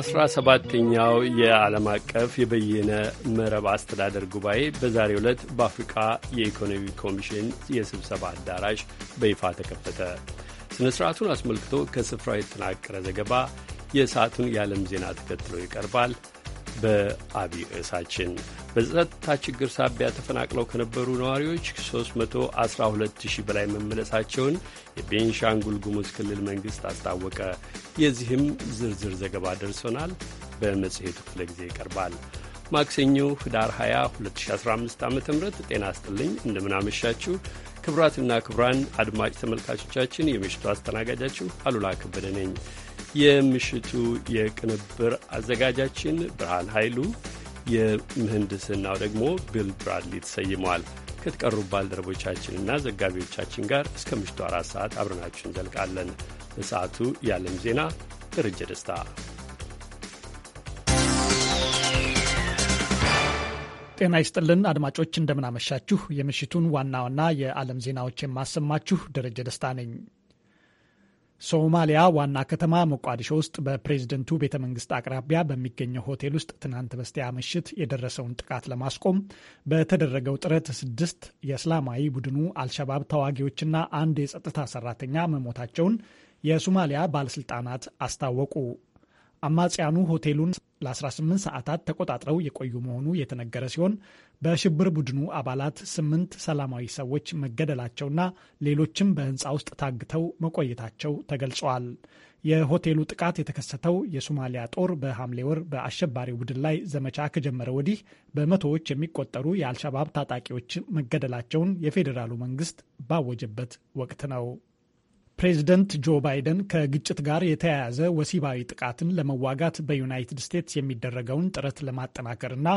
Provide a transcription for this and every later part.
አስራ ሰባተኛው የዓለም አቀፍ የበየነ መረብ አስተዳደር ጉባኤ በዛሬ ዕለት በአፍሪቃ የኢኮኖሚ ኮሚሽን የስብሰባ አዳራሽ በይፋ ተከፈተ። ሥነ ሥርዓቱን አስመልክቶ ከስፍራው የተጠናቀረ ዘገባ የሰዓቱን የዓለም ዜና ተከትሎ ይቀርባል። በአብይ ርዕሳችን በጸጥታ ችግር ሳቢያ ተፈናቅለው ከነበሩ ነዋሪዎች 312 ሺህ በላይ መመለሳቸውን የቤንሻንጉል ጉሙዝ ክልል መንግሥት አስታወቀ። የዚህም ዝርዝር ዘገባ ደርሶናል፣ በመጽሔቱ ክፍለ ጊዜ ይቀርባል። ማክሰኞ ህዳር 20 2015 ዓ ም ጤና አስጥልኝ እንደምናመሻችሁ ክቡራትና ክቡራን አድማጭ ተመልካቾቻችን፣ የምሽቱ አስተናጋጃችሁ አሉላ ከበደ ነኝ። የምሽቱ የቅንብር አዘጋጃችን ብርሃን ኃይሉ፣ የምህንድስናው ደግሞ ቢል ብራድሊ ተሰይመዋል። ከተቀሩ ባልደረቦቻችንና ዘጋቢዎቻችን ጋር እስከ ምሽቱ አራት ሰዓት አብረናችሁ እንዘልቃለን። በሰዓቱ የዓለም ዜና ደረጀ ደስታ። ጤና ይስጥልን አድማጮች፣ እንደምናመሻችሁ። የምሽቱን ዋና ዋና የዓለም ዜናዎች የማሰማችሁ ደረጀ ደስታ ነኝ። ሶማሊያ ዋና ከተማ ሞቃዲሾ ውስጥ በፕሬዝደንቱ ቤተ መንግስት አቅራቢያ በሚገኘው ሆቴል ውስጥ ትናንት በስቲያ ምሽት የደረሰውን ጥቃት ለማስቆም በተደረገው ጥረት ስድስት የእስላማዊ ቡድኑ አልሸባብ ተዋጊዎችና አንድ የጸጥታ ሰራተኛ መሞታቸውን የሶማሊያ ባለስልጣናት አስታወቁ። አማጽያኑ ሆቴሉን ለ18 ሰዓታት ተቆጣጥረው የቆዩ መሆኑ የተነገረ ሲሆን በሽብር ቡድኑ አባላት ስምንት ሰላማዊ ሰዎች መገደላቸውና ሌሎችም በህንፃ ውስጥ ታግተው መቆየታቸው ተገልጸዋል። የሆቴሉ ጥቃት የተከሰተው የሶማሊያ ጦር በሐምሌ ወር በአሸባሪው ቡድን ላይ ዘመቻ ከጀመረ ወዲህ በመቶዎች የሚቆጠሩ የአልሸባብ ታጣቂዎች መገደላቸውን የፌዴራሉ መንግስት ባወጀበት ወቅት ነው። ፕሬዚደንት ጆ ባይደን ከግጭት ጋር የተያያዘ ወሲባዊ ጥቃትን ለመዋጋት በዩናይትድ ስቴትስ የሚደረገውን ጥረት ለማጠናከርና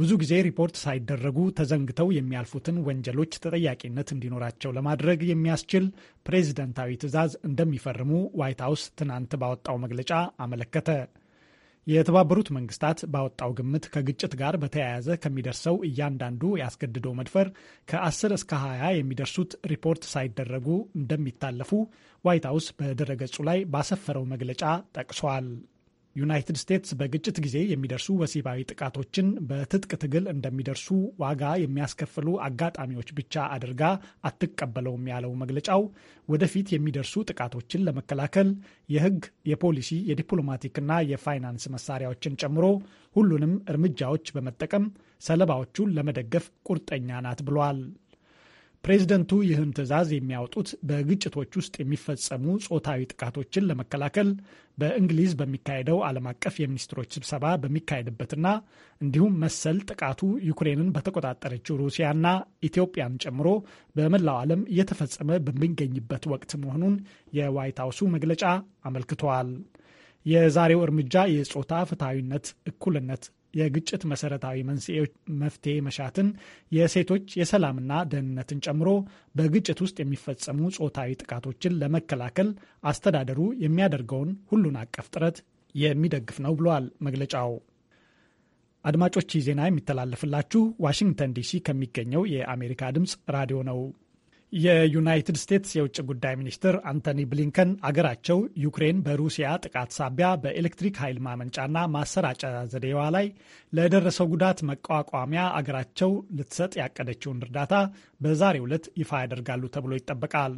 ብዙ ጊዜ ሪፖርት ሳይደረጉ ተዘንግተው የሚያልፉትን ወንጀሎች ተጠያቂነት እንዲኖራቸው ለማድረግ የሚያስችል ፕሬዚደንታዊ ትዕዛዝ እንደሚፈርሙ ዋይት ሀውስ ትናንት ባወጣው መግለጫ አመለከተ። የተባበሩት መንግስታት ባወጣው ግምት ከግጭት ጋር በተያያዘ ከሚደርሰው እያንዳንዱ ያስገድዶ መድፈር ከ10 እስከ 20 የሚደርሱት ሪፖርት ሳይደረጉ እንደሚታለፉ ዋይት ሀውስ በድረገጹ ላይ ባሰፈረው መግለጫ ጠቅሷል። ዩናይትድ ስቴትስ በግጭት ጊዜ የሚደርሱ ወሲባዊ ጥቃቶችን በትጥቅ ትግል እንደሚደርሱ ዋጋ የሚያስከፍሉ አጋጣሚዎች ብቻ አድርጋ አትቀበለውም ያለው መግለጫው ወደፊት የሚደርሱ ጥቃቶችን ለመከላከል የሕግ፣ የፖሊሲ፣ የዲፕሎማቲክና የፋይናንስ መሳሪያዎችን ጨምሮ ሁሉንም እርምጃዎች በመጠቀም ሰለባዎቹን ለመደገፍ ቁርጠኛ ናት ብሏል። ፕሬዝደንቱ ይህን ትዕዛዝ የሚያወጡት በግጭቶች ውስጥ የሚፈጸሙ ጾታዊ ጥቃቶችን ለመከላከል በእንግሊዝ በሚካሄደው ዓለም አቀፍ የሚኒስትሮች ስብሰባ በሚካሄድበትና እንዲሁም መሰል ጥቃቱ ዩክሬንን በተቆጣጠረችው ሩሲያና ኢትዮጵያን ጨምሮ በመላው ዓለም እየተፈጸመ በሚገኝበት ወቅት መሆኑን የዋይት ሀውሱ መግለጫ አመልክተዋል። የዛሬው እርምጃ የጾታ ፍትሐዊነት፣ እኩልነት የግጭት መሰረታዊ መንስኤዎች መፍትሄ መሻትን፣ የሴቶች የሰላምና ደህንነትን ጨምሮ በግጭት ውስጥ የሚፈጸሙ ጾታዊ ጥቃቶችን ለመከላከል አስተዳደሩ የሚያደርገውን ሁሉን አቀፍ ጥረት የሚደግፍ ነው ብለዋል መግለጫው። አድማጮች፣ ዜና የሚተላለፍላችሁ ዋሽንግተን ዲሲ ከሚገኘው የአሜሪካ ድምፅ ራዲዮ ነው። የዩናይትድ ስቴትስ የውጭ ጉዳይ ሚኒስትር አንቶኒ ብሊንከን አገራቸው ዩክሬን በሩሲያ ጥቃት ሳቢያ በኤሌክትሪክ ኃይል ማመንጫና ማሰራጫ ዘዴዋ ላይ ለደረሰው ጉዳት መቋቋሚያ አገራቸው ልትሰጥ ያቀደችውን እርዳታ በዛሬው ዕለት ይፋ ያደርጋሉ ተብሎ ይጠበቃል።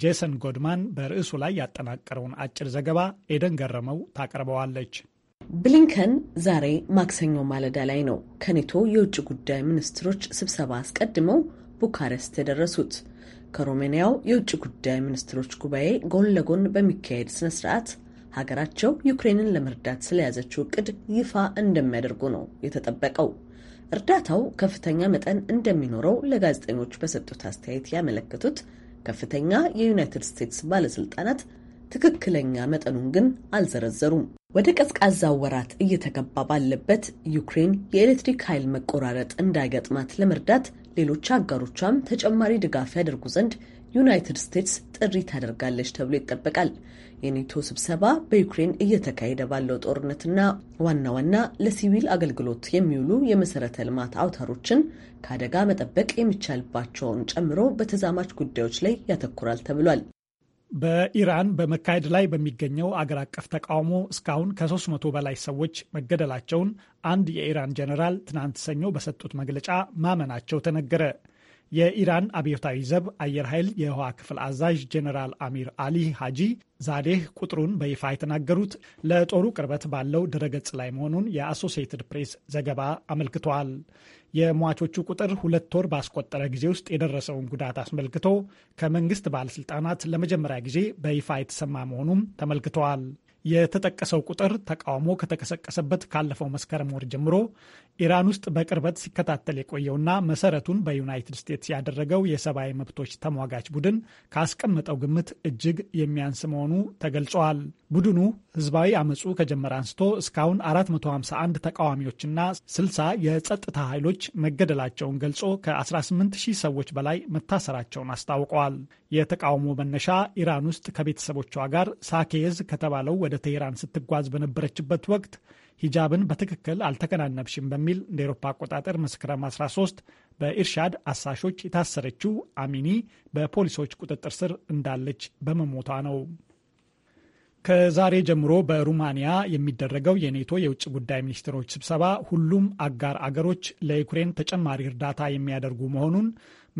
ጄሰን ጎድማን በርዕሱ ላይ ያጠናቀረውን አጭር ዘገባ ኤደን ገረመው ታቀርበዋለች። ብሊንከን ዛሬ ማክሰኞ ማለዳ ላይ ነው ከኔቶ የውጭ ጉዳይ ሚኒስትሮች ስብሰባ አስቀድመው ቡካሬስት የደረሱት ከሮሜኒያው የውጭ ጉዳይ ሚኒስትሮች ጉባኤ ጎን ለጎን በሚካሄድ ስነ ስርዓት ሀገራቸው ዩክሬንን ለመርዳት ስለያዘችው እቅድ ይፋ እንደሚያደርጉ ነው የተጠበቀው። እርዳታው ከፍተኛ መጠን እንደሚኖረው ለጋዜጠኞች በሰጡት አስተያየት ያመለከቱት ከፍተኛ የዩናይትድ ስቴትስ ባለስልጣናት ትክክለኛ መጠኑን ግን አልዘረዘሩም። ወደ ቀዝቃዛ ወራት እየተገባ ባለበት ዩክሬን የኤሌክትሪክ ኃይል መቆራረጥ እንዳይገጥማት ለመርዳት ሌሎች አጋሮቿም ተጨማሪ ድጋፍ ያደርጉ ዘንድ ዩናይትድ ስቴትስ ጥሪ ታደርጋለች ተብሎ ይጠበቃል። የኔቶ ስብሰባ በዩክሬን እየተካሄደ ባለው ጦርነትና ዋና ዋና ለሲቪል አገልግሎት የሚውሉ የመሰረተ ልማት አውታሮችን ከአደጋ መጠበቅ የሚቻልባቸውን ጨምሮ በተዛማች ጉዳዮች ላይ ያተኩራል ተብሏል። በኢራን በመካሄድ ላይ በሚገኘው አገር አቀፍ ተቃውሞ እስካሁን ከ300 በላይ ሰዎች መገደላቸውን አንድ የኢራን ጀኔራል ትናንት ሰኞ በሰጡት መግለጫ ማመናቸው ተነገረ። የኢራን አብዮታዊ ዘብ አየር ኃይል የህዋ ክፍል አዛዥ ጄኔራል አሚር አሊ ሃጂ ዛዴህ ቁጥሩን በይፋ የተናገሩት ለጦሩ ቅርበት ባለው ድረገጽ ላይ መሆኑን የአሶሲየትድ ፕሬስ ዘገባ አመልክቷል። የሟቾቹ ቁጥር ሁለት ወር ባስቆጠረ ጊዜ ውስጥ የደረሰውን ጉዳት አስመልክቶ ከመንግስት ባለስልጣናት ለመጀመሪያ ጊዜ በይፋ የተሰማ መሆኑም ተመልክተዋል። የተጠቀሰው ቁጥር ተቃውሞ ከተቀሰቀሰበት ካለፈው መስከረም ወር ጀምሮ ኢራን ውስጥ በቅርበት ሲከታተል የቆየውና መሰረቱን በዩናይትድ ስቴትስ ያደረገው የሰብአዊ መብቶች ተሟጋች ቡድን ካስቀመጠው ግምት እጅግ የሚያንስ መሆኑ ተገልጿል። ቡድኑ ህዝባዊ አመፁ ከጀመረ አንስቶ እስካሁን 451 ተቃዋሚዎችና 60 የጸጥታ ኃይሎች መገደላቸውን ገልጾ ከ18000 ሰዎች በላይ መታሰራቸውን አስታውቀዋል። የተቃውሞ መነሻ ኢራን ውስጥ ከቤተሰቦቿ ጋር ሳኬዝ ከተባለው ወደ ቴሄራን ስትጓዝ በነበረችበት ወቅት ሂጃብን በትክክል አልተከናነብሽም በሚል እንደ ኤሮፓ አቆጣጠር መስከረም 13 በኢርሻድ አሳሾች የታሰረችው አሚኒ በፖሊሶች ቁጥጥር ስር እንዳለች በመሞቷ ነው። ከዛሬ ጀምሮ በሩማንያ የሚደረገው የኔቶ የውጭ ጉዳይ ሚኒስትሮች ስብሰባ ሁሉም አጋር አገሮች ለዩክሬን ተጨማሪ እርዳታ የሚያደርጉ መሆኑን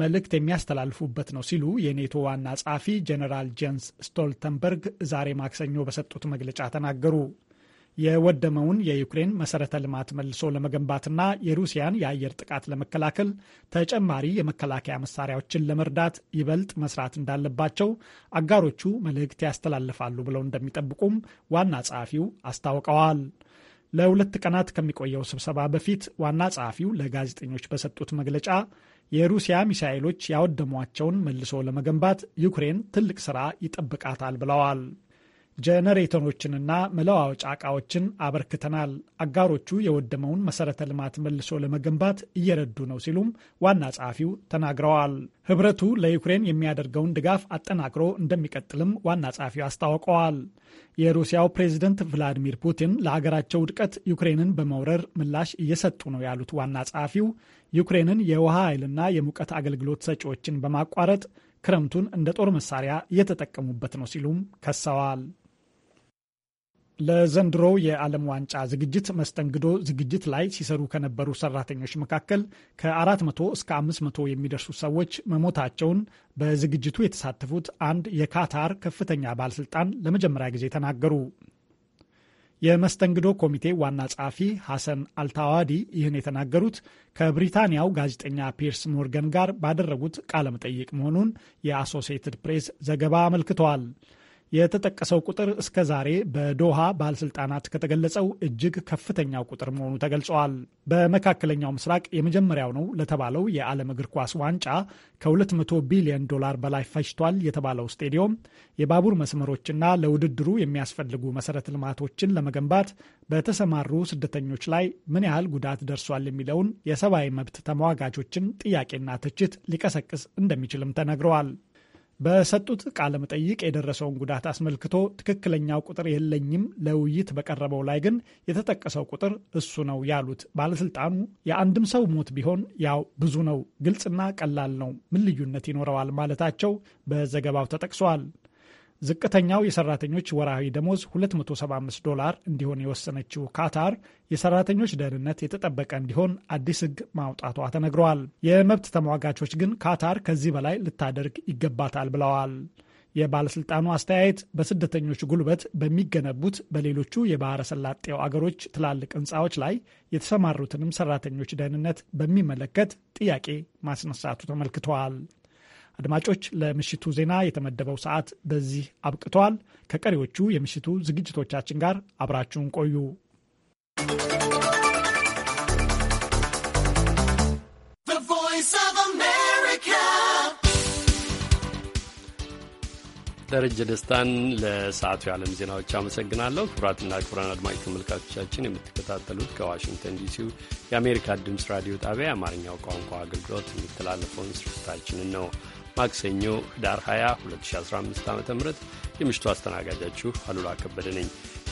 መልእክት የሚያስተላልፉበት ነው ሲሉ የኔቶ ዋና ጸሐፊ ጄኔራል ጄንስ ስቶልተንበርግ ዛሬ ማክሰኞ በሰጡት መግለጫ ተናገሩ። የወደመውን የዩክሬን መሰረተ ልማት መልሶ ለመገንባትና የሩሲያን የአየር ጥቃት ለመከላከል ተጨማሪ የመከላከያ መሳሪያዎችን ለመርዳት ይበልጥ መስራት እንዳለባቸው አጋሮቹ መልእክት ያስተላልፋሉ ብለው እንደሚጠብቁም ዋና ጸሐፊው አስታውቀዋል። ለሁለት ቀናት ከሚቆየው ስብሰባ በፊት ዋና ጸሐፊው ለጋዜጠኞች በሰጡት መግለጫ የሩሲያ ሚሳኤሎች ያወደሟቸውን መልሶ ለመገንባት ዩክሬን ትልቅ ስራ ይጠብቃታል ብለዋል። ጄኔሬተሮችንና መለዋወጫ ዕቃዎችን አበርክተናል። አጋሮቹ የወደመውን መሰረተ ልማት መልሶ ለመገንባት እየረዱ ነው ሲሉም ዋና ጸሐፊው ተናግረዋል። ህብረቱ ለዩክሬን የሚያደርገውን ድጋፍ አጠናክሮ እንደሚቀጥልም ዋና ጸሐፊው አስታውቀዋል። የሩሲያው ፕሬዝደንት ቭላዲሚር ፑቲን ለሀገራቸው ውድቀት ዩክሬንን በመውረር ምላሽ እየሰጡ ነው ያሉት ዋና ጸሐፊው ዩክሬንን የውሃ ኃይልና የሙቀት አገልግሎት ሰጪዎችን በማቋረጥ ክረምቱን እንደ ጦር መሳሪያ እየተጠቀሙበት ነው ሲሉም ከሰዋል። ለዘንድሮ የዓለም ዋንጫ ዝግጅት መስተንግዶ ዝግጅት ላይ ሲሰሩ ከነበሩ ሰራተኞች መካከል ከ400 እስከ 500 የሚደርሱ ሰዎች መሞታቸውን በዝግጅቱ የተሳተፉት አንድ የካታር ከፍተኛ ባለስልጣን ለመጀመሪያ ጊዜ ተናገሩ። የመስተንግዶ ኮሚቴ ዋና ጸሐፊ ሐሰን አልታዋዲ ይህን የተናገሩት ከብሪታንያው ጋዜጠኛ ፒርስ ሞርገን ጋር ባደረጉት ቃለመጠይቅ መሆኑን የአሶሲየትድ ፕሬስ ዘገባ አመልክተዋል። የተጠቀሰው ቁጥር እስከ ዛሬ በዶሃ ባለስልጣናት ከተገለጸው እጅግ ከፍተኛው ቁጥር መሆኑ ተገልጸዋል። በመካከለኛው ምስራቅ የመጀመሪያው ነው ለተባለው የዓለም እግር ኳስ ዋንጫ ከ200 ቢሊዮን ዶላር በላይ ፈጅቷል የተባለው ስቴዲዮም የባቡር መስመሮችና ለውድድሩ የሚያስፈልጉ መሰረተ ልማቶችን ለመገንባት በተሰማሩ ስደተኞች ላይ ምን ያህል ጉዳት ደርሷል የሚለውን የሰብአዊ መብት ተሟጋቾችን ጥያቄና ትችት ሊቀሰቅስ እንደሚችልም ተነግረዋል። በሰጡት ቃለ መጠይቅ የደረሰውን ጉዳት አስመልክቶ ትክክለኛው ቁጥር የለኝም፣ ለውይይት በቀረበው ላይ ግን የተጠቀሰው ቁጥር እሱ ነው ያሉት ባለስልጣኑ የአንድም ሰው ሞት ቢሆን ያው ብዙ ነው፣ ግልጽና ቀላል ነው፣ ምን ልዩነት ይኖረዋል ማለታቸው በዘገባው ተጠቅሷል። ዝቅተኛው የሰራተኞች ወርሃዊ ደሞዝ 275 ዶላር እንዲሆን የወሰነችው ካታር የሰራተኞች ደህንነት የተጠበቀ እንዲሆን አዲስ ሕግ ማውጣቷ ተነግረዋል። የመብት ተሟጋቾች ግን ካታር ከዚህ በላይ ልታደርግ ይገባታል ብለዋል። የባለሥልጣኑ አስተያየት በስደተኞች ጉልበት በሚገነቡት በሌሎቹ የባሕረ ሰላጤው አገሮች ትላልቅ ሕንፃዎች ላይ የተሰማሩትንም ሰራተኞች ደህንነት በሚመለከት ጥያቄ ማስነሳቱ ተመልክተዋል። አድማጮች፣ ለምሽቱ ዜና የተመደበው ሰዓት በዚህ አብቅተዋል። ከቀሪዎቹ የምሽቱ ዝግጅቶቻችን ጋር አብራችሁን ቆዩ። ደረጀ ደስታን ለሰዓቱ የዓለም ዜናዎች አመሰግናለሁ። ክቡራትና ክቡራን አድማጭ ተመልካቾቻችን የምትከታተሉት ከዋሽንግተን ዲሲው የአሜሪካ ድምፅ ራዲዮ ጣቢያ የአማርኛው ቋንቋ አገልግሎት የሚተላለፈውን ስርጭታችንን ነው። ማክሰኞ ህዳር 20 2015 ዓ ም የምሽቱ አስተናጋጃችሁ አሉላ ከበደ ነኝ።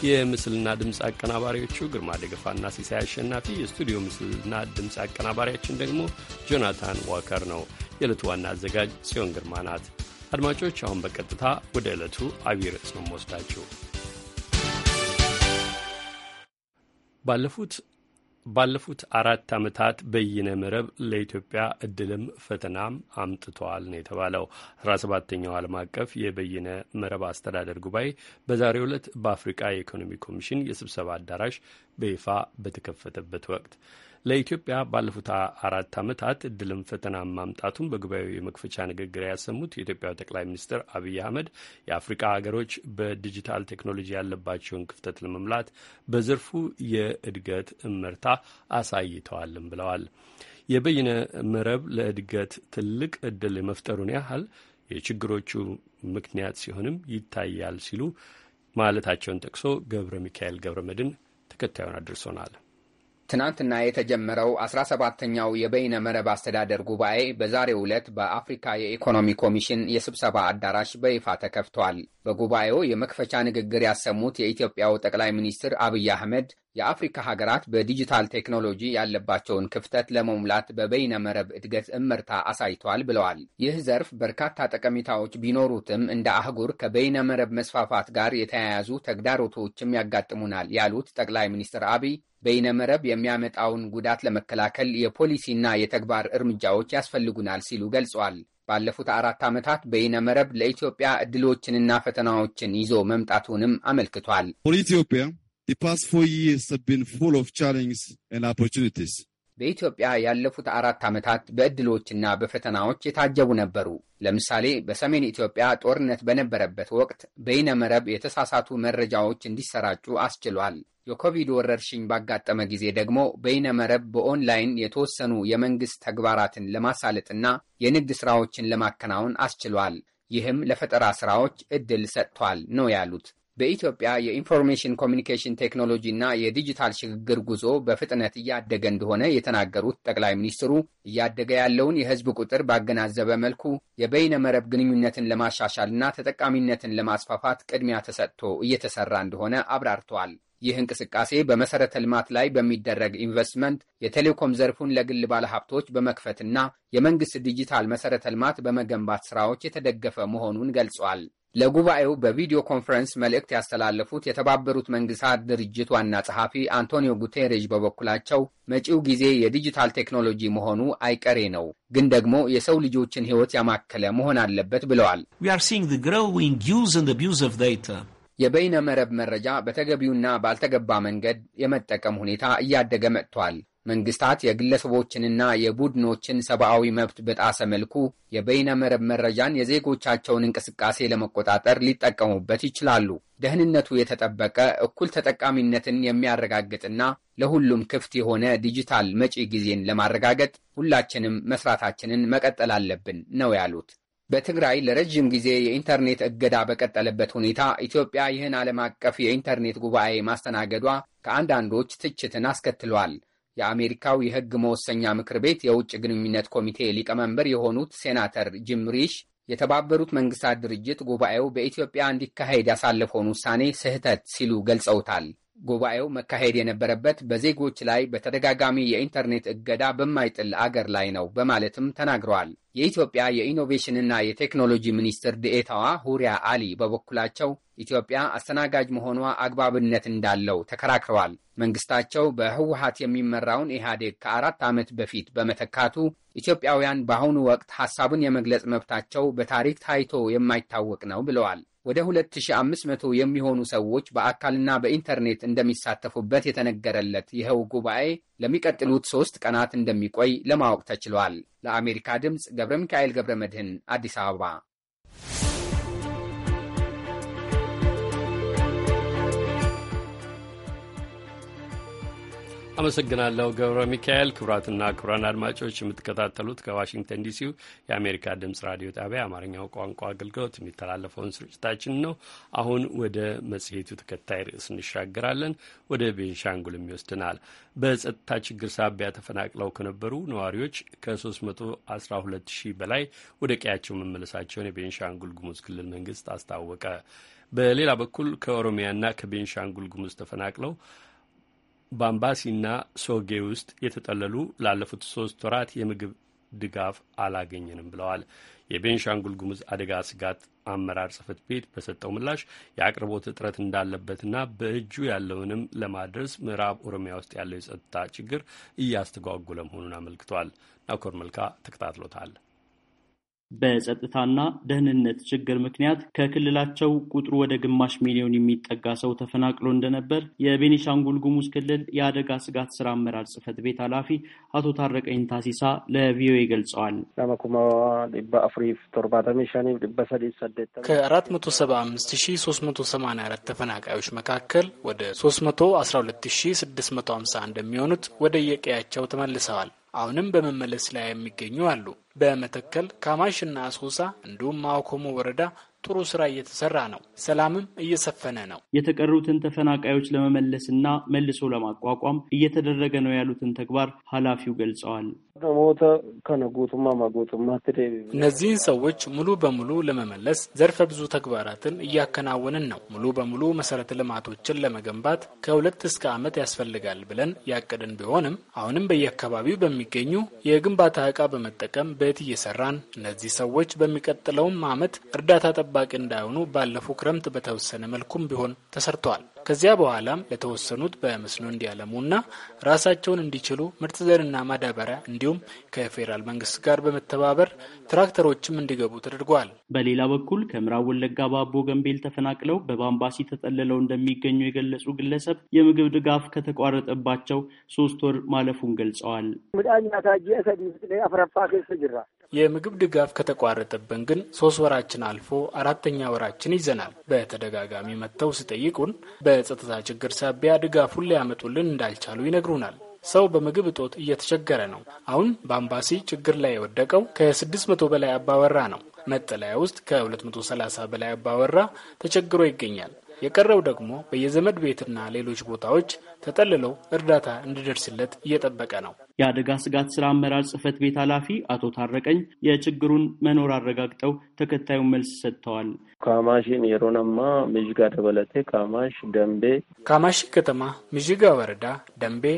የምስልና ድምፅ አቀናባሪዎቹ ግርማ ደገፋና ሲሳይ አሸናፊ፣ የስቱዲዮ ምስልና ድምፅ አቀናባሪያችን ደግሞ ጆናታን ዋከር ነው። የዕለቱ ዋና አዘጋጅ ጽዮን ግርማ ናት። አድማጮች አሁን በቀጥታ ወደ ዕለቱ አብይ ርዕስ ነው የምወስዳችሁ። ባለፉት ባለፉት አራት ዓመታት በይነ መረብ ለኢትዮጵያ እድልም ፈተናም አምጥተዋል ነው የተባለው። አስራ ሰባተኛው ዓለም አቀፍ የበይነ መረብ አስተዳደር ጉባኤ በዛሬው ዕለት በአፍሪቃ የኢኮኖሚ ኮሚሽን የስብሰባ አዳራሽ በይፋ በተከፈተበት ወቅት ለኢትዮጵያ ባለፉት አራት ዓመታት እድልም ፈተና ማምጣቱን በጉባኤው የመክፈቻ ንግግር ያሰሙት የኢትዮጵያው ጠቅላይ ሚኒስትር አብይ አህመድ የአፍሪካ ሀገሮች በዲጂታል ቴክኖሎጂ ያለባቸውን ክፍተት ለመምላት በዘርፉ የእድገት እመርታ አሳይተዋልም ብለዋል። የበይነ መረብ ለእድገት ትልቅ እድል የመፍጠሩን ያህል የችግሮቹ ምክንያት ሲሆንም ይታያል ሲሉ ማለታቸውን ጠቅሶ ገብረ ሚካኤል ገብረ መድን ተከታዩን አድርሶናል። ትናንትና የተጀመረው 17ተኛው የበይነ መረብ አስተዳደር ጉባኤ በዛሬው ዕለት በአፍሪካ የኢኮኖሚ ኮሚሽን የስብሰባ አዳራሽ በይፋ ተከፍቷል። በጉባኤው የመክፈቻ ንግግር ያሰሙት የኢትዮጵያው ጠቅላይ ሚኒስትር አብይ አህመድ የአፍሪካ ሀገራት በዲጂታል ቴክኖሎጂ ያለባቸውን ክፍተት ለመሙላት በበይነ መረብ እድገት እመርታ አሳይቷል ብለዋል። ይህ ዘርፍ በርካታ ጠቀሜታዎች ቢኖሩትም እንደ አህጉር ከበይነ መረብ መስፋፋት ጋር የተያያዙ ተግዳሮቶችም ያጋጥሙናል ያሉት ጠቅላይ ሚኒስትር አብይ በይነመረብ የሚያመጣውን ጉዳት ለመከላከል የፖሊሲና የተግባር እርምጃዎች ያስፈልጉናል ሲሉ ገልጸዋል። ባለፉት አራት ዓመታት በይነ መረብ ለኢትዮጵያ እድሎችንና ፈተናዎችን ይዞ መምጣቱንም አመልክቷል። በኢትዮጵያ ያለፉት አራት ዓመታት በእድሎችና በፈተናዎች የታጀቡ ነበሩ። ለምሳሌ በሰሜን ኢትዮጵያ ጦርነት በነበረበት ወቅት በይነ መረብ የተሳሳቱ መረጃዎች እንዲሰራጩ አስችሏል። የኮቪድ ወረርሽኝ ባጋጠመ ጊዜ ደግሞ በይነመረብ በኦንላይን የተወሰኑ የመንግሥት ተግባራትን ለማሳለጥና የንግድ ሥራዎችን ለማከናወን አስችሏል። ይህም ለፈጠራ ሥራዎች ዕድል ሰጥቷል ነው ያሉት። በኢትዮጵያ የኢንፎርሜሽን ኮሚኒኬሽን ቴክኖሎጂ እና የዲጂታል ሽግግር ጉዞ በፍጥነት እያደገ እንደሆነ የተናገሩት ጠቅላይ ሚኒስትሩ እያደገ ያለውን የሕዝብ ቁጥር ባገናዘበ መልኩ የበይነ መረብ ግንኙነትን ለማሻሻል እና ተጠቃሚነትን ለማስፋፋት ቅድሚያ ተሰጥቶ እየተሰራ እንደሆነ አብራርተዋል። ይህ እንቅስቃሴ በመሰረተ ልማት ላይ በሚደረግ ኢንቨስትመንት የቴሌኮም ዘርፉን ለግል ባለሀብቶች በመክፈትና የመንግስት ዲጂታል መሰረተ ልማት በመገንባት ስራዎች የተደገፈ መሆኑን ገልጿል። ለጉባኤው በቪዲዮ ኮንፈረንስ መልእክት ያስተላለፉት የተባበሩት መንግስታት ድርጅት ዋና ጸሐፊ አንቶኒዮ ጉቴሬዥ በበኩላቸው መጪው ጊዜ የዲጂታል ቴክኖሎጂ መሆኑ አይቀሬ ነው፣ ግን ደግሞ የሰው ልጆችን ሕይወት ያማከለ መሆን አለበት ብለዋል። የበይነ መረብ መረጃ በተገቢውና ባልተገባ መንገድ የመጠቀም ሁኔታ እያደገ መጥቷል። መንግስታት የግለሰቦችንና የቡድኖችን ሰብአዊ መብት በጣሰ መልኩ የበይነ መረብ መረጃን የዜጎቻቸውን እንቅስቃሴ ለመቆጣጠር ሊጠቀሙበት ይችላሉ። ደህንነቱ የተጠበቀ እኩል ተጠቃሚነትን የሚያረጋግጥና ለሁሉም ክፍት የሆነ ዲጂታል መጪ ጊዜን ለማረጋገጥ ሁላችንም መስራታችንን መቀጠል አለብን ነው ያሉት በትግራይ ለረዥም ጊዜ የኢንተርኔት እገዳ በቀጠለበት ሁኔታ ኢትዮጵያ ይህን ዓለም አቀፍ የኢንተርኔት ጉባኤ ማስተናገዷ ከአንዳንዶች ትችትን አስከትሏል። የአሜሪካው የሕግ መወሰኛ ምክር ቤት የውጭ ግንኙነት ኮሚቴ ሊቀመንበር የሆኑት ሴናተር ጂም ሪሽ የተባበሩት መንግስታት ድርጅት ጉባኤው በኢትዮጵያ እንዲካሄድ ያሳለፈውን ውሳኔ ስህተት ሲሉ ገልጸውታል። ጉባኤው መካሄድ የነበረበት በዜጎች ላይ በተደጋጋሚ የኢንተርኔት እገዳ በማይጥል አገር ላይ ነው በማለትም ተናግረዋል። የኢትዮጵያ የኢኖቬሽንና የቴክኖሎጂ ሚኒስትር ድኤታዋ ሁሪያ አሊ በበኩላቸው ኢትዮጵያ አስተናጋጅ መሆኗ አግባብነት እንዳለው ተከራክረዋል። መንግስታቸው በህወሀት የሚመራውን ኢህአዴግ ከአራት ዓመት በፊት በመተካቱ ኢትዮጵያውያን በአሁኑ ወቅት ሐሳቡን የመግለጽ መብታቸው በታሪክ ታይቶ የማይታወቅ ነው ብለዋል። ወደ 2500 የሚሆኑ ሰዎች በአካልና በኢንተርኔት እንደሚሳተፉበት የተነገረለት ይኸው ጉባኤ ለሚቀጥሉት ሶስት ቀናት እንደሚቆይ ለማወቅ ተችሏል። ለአሜሪካ ድምፅ ገብረ ሚካኤል ገብረ መድህን አዲስ አበባ አመሰግናለሁ ገብረ ሚካኤል። ክቡራትና ክቡራን አድማጮች የምትከታተሉት ከዋሽንግተን ዲሲው የአሜሪካ ድምጽ ራዲዮ ጣቢያ የአማርኛው ቋንቋ አገልግሎት የሚተላለፈውን ስርጭታችን ነው። አሁን ወደ መጽሔቱ ተከታይ ርዕስ እንሻገራለን። ወደ ቤንሻንጉልም ይወስድናል። በጸጥታ ችግር ሳቢያ ተፈናቅለው ከነበሩ ነዋሪዎች ከ312 ሺህ በላይ ወደ ቀያቸው መመለሳቸውን የቤንሻንጉል ጉሙዝ ክልል መንግስት አስታወቀ። በሌላ በኩል ከኦሮሚያና ከቤንሻንጉል ጉሙዝ ተፈናቅለው ባምባሲና ሶጌ ውስጥ የተጠለሉ ላለፉት ሶስት ወራት የምግብ ድጋፍ አላገኘንም ብለዋል። የቤንሻንጉል ጉሙዝ አደጋ ስጋት አመራር ጽህፈት ቤት በሰጠው ምላሽ የአቅርቦት እጥረት እንዳለበትና በእጁ ያለውንም ለማድረስ ምዕራብ ኦሮሚያ ውስጥ ያለው የጸጥታ ችግር እያስተጓጉለ መሆኑን አመልክቷል። ናኮር መልካ ተከታትሎታል። በጸጥታና ደህንነት ችግር ምክንያት ከክልላቸው ቁጥሩ ወደ ግማሽ ሚሊዮን የሚጠጋ ሰው ተፈናቅሎ እንደነበር የቤኒሻንጉል ጉሙዝ ክልል የአደጋ ስጋት ስራ አመራር ጽህፈት ቤት ኃላፊ አቶ ታረቀኝ ታሲሳ ለቪኦኤ ገልጸዋል። ከ475384 ተፈናቃዮች መካከል ወደ 312651 እንደሚሆኑት ወደ የቀያቸው ተመልሰዋል። አሁንም በመመለስ ላይ የሚገኙ አሉ። በመተከል ካማሽና አሶሳ እንዲሁም ማኮሞ ወረዳ ጥሩ ስራ እየተሰራ ነው። ሰላምም እየሰፈነ ነው። የተቀሩትን ተፈናቃዮች ለመመለስና መልሶ ለማቋቋም እየተደረገ ነው ያሉትን ተግባር ኃላፊው ገልጸዋል። እነዚህን ሰዎች ሙሉ በሙሉ ለመመለስ ዘርፈ ብዙ ተግባራትን እያከናወንን ነው። ሙሉ በሙሉ መሰረተ ልማቶችን ለመገንባት ከሁለት እስከ ዓመት ያስፈልጋል ብለን ያቀደን ቢሆንም አሁንም በየአካባቢው በሚገኙ የግንባታ ዕቃ በመጠቀም ቤት እየሰራን እነዚህ ሰዎች በሚቀጥለውም ዓመት እርዳታ ጠባ ተጠባቂ እንዳይሆኑ ባለፉ ክረምት በተወሰነ መልኩም ቢሆን ተሰርተዋል። ከዚያ በኋላም ለተወሰኑት በመስኖ እንዲያለሙና ራሳቸውን እንዲችሉ ምርጥ ዘርና ማዳበሪያ እንዲሁም ከፌዴራል መንግስት ጋር በመተባበር ትራክተሮችም እንዲገቡ ተደርጓል። በሌላ በኩል ከምዕራብ ወለጋ በአቦ ገንቤል ተፈናቅለው በባምባሲ ተጠልለው እንደሚገኙ የገለጹ ግለሰብ የምግብ ድጋፍ ከተቋረጠባቸው ሶስት ወር ማለፉን ገልጸዋል። የምግብ ድጋፍ ከተቋረጠብን ግን ሶስት ወራችን አልፎ አራተኛ ወራችን ይዘናል። በተደጋጋሚ መጥተው ሲጠይቁን በጸጥታ ችግር ሳቢያ ድጋፉን ሊያመጡልን እንዳልቻሉ ይነግሩናል። ሰው በምግብ እጦት እየተቸገረ ነው። አሁን በአምባሲ ችግር ላይ የወደቀው ከ600 በላይ አባወራ ነው። መጠለያ ውስጥ ከ230 በላይ አባወራ ተቸግሮ ይገኛል። የቀረው ደግሞ በየዘመድ ቤትና ሌሎች ቦታዎች ተጠልለው እርዳታ እንዲደርስለት እየጠበቀ ነው። የአደጋ ስጋት ስራ አመራር ጽህፈት ቤት ኃላፊ አቶ ታረቀኝ የችግሩን መኖር አረጋግጠው ተከታዩን መልስ ሰጥተዋል። ካማሽን የሮነማ ምዥጋ ደበለቴ ካማሽ ደንቤ ካማሽ ከተማ ምዥጋ ወረዳ ደንቤ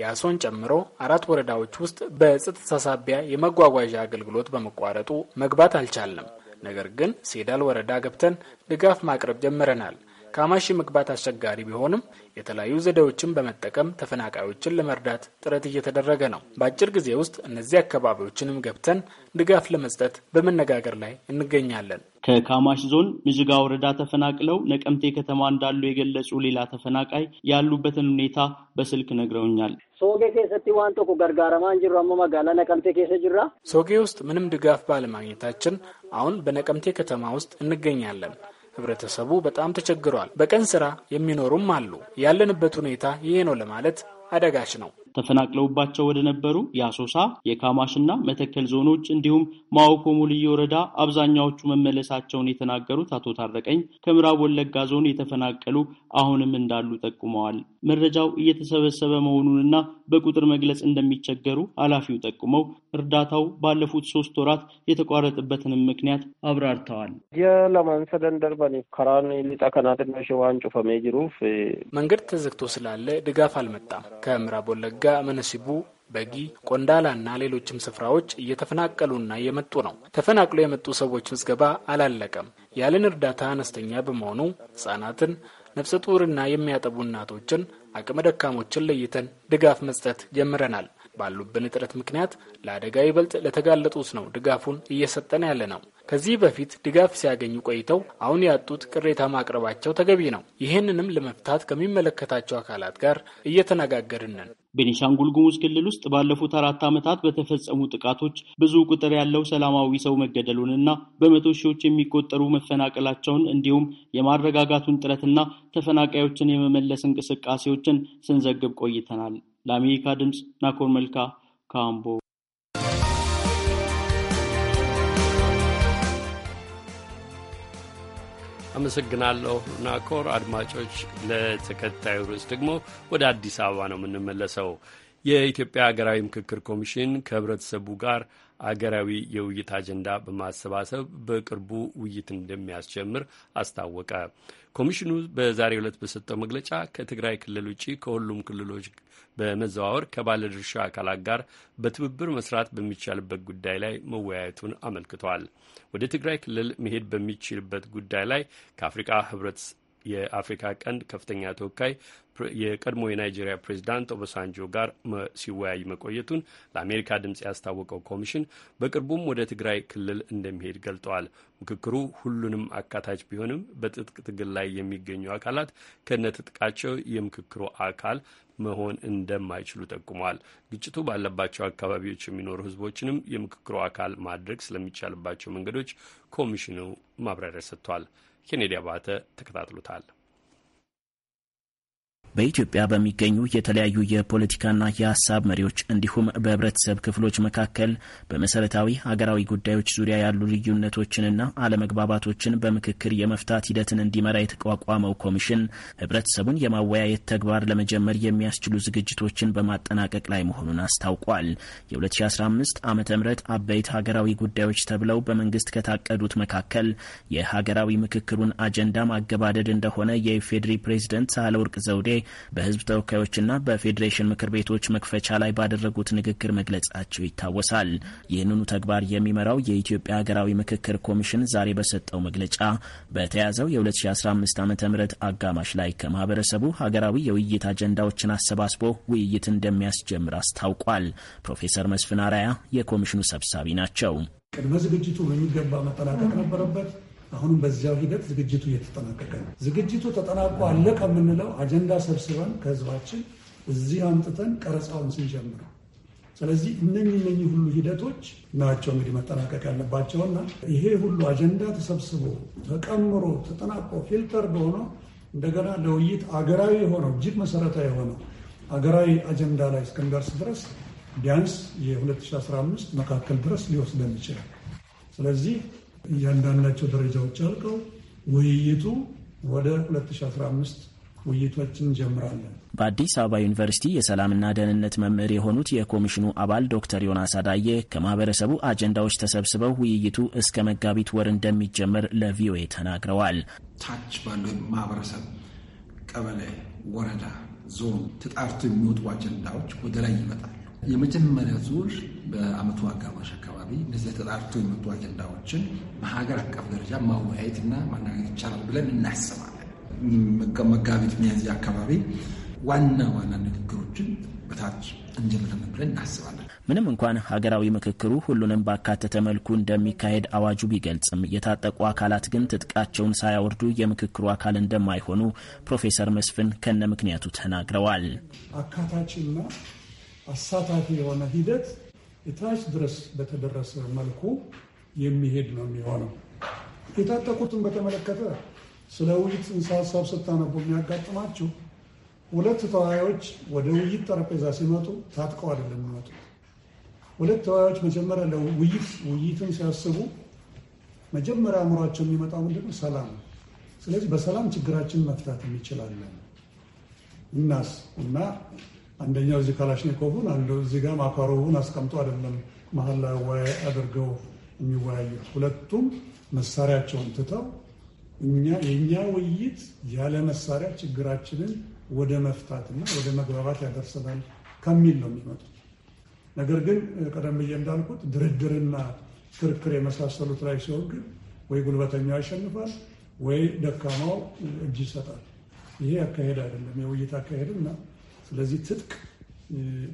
የአሶን ጨምሮ አራት ወረዳዎች ውስጥ በጸጥታ ሳቢያ የመጓጓዣ አገልግሎት በመቋረጡ መግባት አልቻለም። ነገር ግን ሴዳል ወረዳ ገብተን ድጋፍ ማቅረብ ጀምረናል። ከአማሽ መግባት አስቸጋሪ ቢሆንም የተለያዩ ዘዴዎችን በመጠቀም ተፈናቃዮችን ለመርዳት ጥረት እየተደረገ ነው። በአጭር ጊዜ ውስጥ እነዚህ አካባቢዎችንም ገብተን ድጋፍ ለመስጠት በመነጋገር ላይ እንገኛለን። ከካማሽ ዞን ምዥጋ ወረዳ ተፈናቅለው ነቀምቴ ከተማ እንዳሉ የገለጹ ሌላ ተፈናቃይ ያሉበትን ሁኔታ በስልክ ነግረውኛል። ሶጌ ዋን ገርጋረማ አሞ መጋላ ነቀምቴ ጅራ ሶጌ ውስጥ ምንም ድጋፍ ባለማግኘታችን አሁን በነቀምቴ ከተማ ውስጥ እንገኛለን። ህብረተሰቡ በጣም ተቸግሯል። በቀን ስራ የሚኖሩም አሉ። ያለንበት ሁኔታ ይሄ ነው ለማለት አዳጋች ነው። ተፈናቅለውባቸው ወደ ነበሩ የአሶሳ የካማሽና መተከል ዞኖች እንዲሁም ማኦኮሞ ልዩ ወረዳ አብዛኛዎቹ መመለሳቸውን የተናገሩት አቶ ታረቀኝ ከምዕራብ ወለጋ ዞን የተፈናቀሉ አሁንም እንዳሉ ጠቁመዋል። መረጃው እየተሰበሰበ መሆኑንና በቁጥር መግለጽ እንደሚቸገሩ ኃላፊው ጠቁመው እርዳታው ባለፉት ሶስት ወራት የተቋረጠበትንም ምክንያት አብራርተዋል። መንገድ ተዘግቶ ስላለ ድጋፍ አልመጣም። ከምዕራብ ወለጋ ጅጋ፣ መነሲቡ፣ በጊ፣ ቆንዳላ እና ሌሎችም ስፍራዎች እየተፈናቀሉና እየመጡ ነው። ተፈናቅሎ የመጡ ሰዎች ምዝገባ አላለቀም። ያለን እርዳታ አነስተኛ በመሆኑ ህጻናትን፣ ነፍሰ ጡርና የሚያጠቡ እናቶችን፣ አቅመ ደካሞችን ለይተን ድጋፍ መስጠት ጀምረናል። ባሉብን እጥረት ምክንያት ለአደጋ ይበልጥ ለተጋለጡት ነው ድጋፉን እየሰጠን ያለ ነው። ከዚህ በፊት ድጋፍ ሲያገኙ ቆይተው አሁን ያጡት ቅሬታ ማቅረባቸው ተገቢ ነው። ይህንንም ለመፍታት ከሚመለከታቸው አካላት ጋር እየተነጋገርን ነን። ቤኒሻንጉል ጉሙዝ ክልል ውስጥ ባለፉት አራት ዓመታት በተፈጸሙ ጥቃቶች ብዙ ቁጥር ያለው ሰላማዊ ሰው መገደሉንና በመቶ ሺዎች የሚቆጠሩ መፈናቀላቸውን እንዲሁም የማረጋጋቱን ጥረትና ተፈናቃዮችን የመመለስ እንቅስቃሴዎችን ስንዘግብ ቆይተናል። ለአሜሪካ ድምፅ ናኮር መልካ ካምቦ አመሰግናለሁ ናኮር። አድማጮች፣ ለተከታዩ ርዕስ ደግሞ ወደ አዲስ አበባ ነው የምንመለሰው። የኢትዮጵያ ሀገራዊ ምክክር ኮሚሽን ከህብረተሰቡ ጋር አገራዊ የውይይት አጀንዳ በማሰባሰብ በቅርቡ ውይይት እንደሚያስጀምር አስታወቀ። ኮሚሽኑ በዛሬው ዕለት በሰጠው መግለጫ ከትግራይ ክልል ውጭ ከሁሉም ክልሎች በመዘዋወር ከባለድርሻ አካላት ጋር በትብብር መስራት በሚቻልበት ጉዳይ ላይ መወያየቱን አመልክቷል። ወደ ትግራይ ክልል መሄድ በሚችልበት ጉዳይ ላይ ከአፍሪቃ ህብረት የአፍሪካ ቀንድ ከፍተኛ ተወካይ የቀድሞ የናይጄሪያ ፕሬዚዳንት ኦበሳንጆ ጋር ሲወያይ መቆየቱን ለአሜሪካ ድምፅ ያስታወቀው ኮሚሽን በቅርቡም ወደ ትግራይ ክልል እንደሚሄድ ገልጠዋል። ምክክሩ ሁሉንም አካታች ቢሆንም በትጥቅ ትግል ላይ የሚገኙ አካላት ከነትጥቃቸው የምክክሩ አካል መሆን እንደማይችሉ ጠቁመዋል። ግጭቱ ባለባቸው አካባቢዎች የሚኖሩ ሕዝቦችንም የምክክሩ አካል ማድረግ ስለሚቻልባቸው መንገዶች ኮሚሽኑ ማብራሪያ ሰጥቷል። ኬኔዲ አባተ ተከታትሎታል። በኢትዮጵያ በሚገኙ የተለያዩ የፖለቲካና የሀሳብ መሪዎች እንዲሁም በህብረተሰብ ክፍሎች መካከል በመሰረታዊ ሀገራዊ ጉዳዮች ዙሪያ ያሉ ልዩነቶችንና አለመግባባቶችን በምክክር የመፍታት ሂደትን እንዲመራ የተቋቋመው ኮሚሽን ህብረተሰቡን የማወያየት ተግባር ለመጀመር የሚያስችሉ ዝግጅቶችን በማጠናቀቅ ላይ መሆኑን አስታውቋል። የ2015 ዓ ም አበይት ሀገራዊ ጉዳዮች ተብለው በመንግስት ከታቀዱት መካከል የሀገራዊ ምክክሩን አጀንዳ ማገባደድ እንደሆነ የኢፌዴሪ ፕሬዝደንት ሳህለወርቅ ዘውዴ በህዝብ ተወካዮችና በፌዴሬሽን ምክር ቤቶች መክፈቻ ላይ ባደረጉት ንግግር መግለጻቸው ይታወሳል። ይህንኑ ተግባር የሚመራው የኢትዮጵያ ሀገራዊ ምክክር ኮሚሽን ዛሬ በሰጠው መግለጫ በተያዘው የ2015 ዓ ም አጋማሽ ላይ ከማህበረሰቡ ሀገራዊ የውይይት አጀንዳዎችን አሰባስቦ ውይይት እንደሚያስጀምር አስታውቋል። ፕሮፌሰር መስፍን አራያ የኮሚሽኑ ሰብሳቢ ናቸው። ቅድመ ዝግጅቱ በሚገባ መጠናቀቅ ነበረበት። አሁንም በዚያው ሂደት ዝግጅቱ እየተጠናቀቀ ነው። ዝግጅቱ ተጠናቆ አለቀ የምንለው አጀንዳ ሰብስበን ከህዝባችን እዚህ አምጥተን ቀረፃውን ስንጀምር ስለዚህ እነኚህ እነኚህ ሁሉ ሂደቶች ናቸው እንግዲህ መጠናቀቅ ያለባቸውና ይሄ ሁሉ አጀንዳ ተሰብስቦ ተቀምሮ ተጠናቆ ፊልተር በሆነው እንደገና ለውይይት አገራዊ የሆነው እጅግ መሰረታዊ የሆነው አገራዊ አጀንዳ ላይ እስክንደርስ ድረስ ቢያንስ የ2015 መካከል ድረስ ሊወስደን ይችላል። ስለዚህ እያንዳንዳቸው ደረጃዎች አልቀው ውይይቱ ወደ 2015 ውይይቶችን ጀምራለን። በአዲስ አበባ ዩኒቨርሲቲ የሰላምና ደህንነት መምህር የሆኑት የኮሚሽኑ አባል ዶክተር ዮናስ አዳየ ከማህበረሰቡ አጀንዳዎች ተሰብስበው ውይይቱ እስከ መጋቢት ወር እንደሚጀመር ለቪኦኤ ተናግረዋል። ታች ባለው ማህበረሰብ ቀበሌ፣ ወረዳ፣ ዞን ተጣርቶ የሚወጡ አጀንዳዎች ወደ ላይ ይመጣል። የመጀመሪያ ዙር በአመቱ አጋማሽ አካባቢ እነዚህ ተጣርቶ የመጡ አጀንዳዎችን በሀገር አቀፍ ደረጃ ማወያየት እና ማናገር ይቻላል ብለን እናስባለን። መጋቢት፣ ሚያዝያ አካባቢ ዋና ዋና ንግግሮችን በታች እንጀምራለን ብለን እናስባለን። ምንም እንኳን ሀገራዊ ምክክሩ ሁሉንም ባካተተ መልኩ እንደሚካሄድ አዋጁ ቢገልጽም የታጠቁ አካላት ግን ትጥቃቸውን ሳያወርዱ የምክክሩ አካል እንደማይሆኑ ፕሮፌሰር መስፍን ከነ ምክንያቱ ተናግረዋል። አካታችና አሳታፊ የሆነ ሂደት የታች ድረስ በተደረሰ መልኩ የሚሄድ ነው የሚሆነው። የታጠቁትን በተመለከተ ስለ ውይይት ጽንሰ ሀሳብ ስታነቡ የሚያጋጥማችሁ ሁለት ተወያዮች ወደ ውይይት ጠረጴዛ ሲመጡ ታጥቀው አይደለም የሚመጡ። ሁለት ተወያዮች መጀመሪያ ለውይይት ውይይትን ሲያስቡ መጀመሪያ አእምሯቸው የሚመጣው ምንድነው? ሰላም ነው። ስለዚህ በሰላም ችግራችን መፍታት እንችላለን። እናስ እና አንደኛው እዚህ ካላሽኒኮቭን አንዱ እዚህ ጋር ማካሮቡን አስቀምጦ አይደለም መሀል ላይ አወያይ አድርገው የሚወያዩት። ሁለቱም መሳሪያቸውን ትተው የእኛ ውይይት ያለ መሳሪያ ችግራችንን ወደ መፍታትና ወደ መግባባት ያደርሰናል ከሚል ነው የሚመጡት። ነገር ግን ቀደም ብዬ እንዳልኩት ድርድርና ክርክር የመሳሰሉት ላይ ሲሆን ግን ወይ ጉልበተኛው ያሸንፋል ወይ ደካማው እጅ ይሰጣል። ይሄ አካሄድ አይደለም የውይይት አካሄድና ስለዚህ ትጥቅ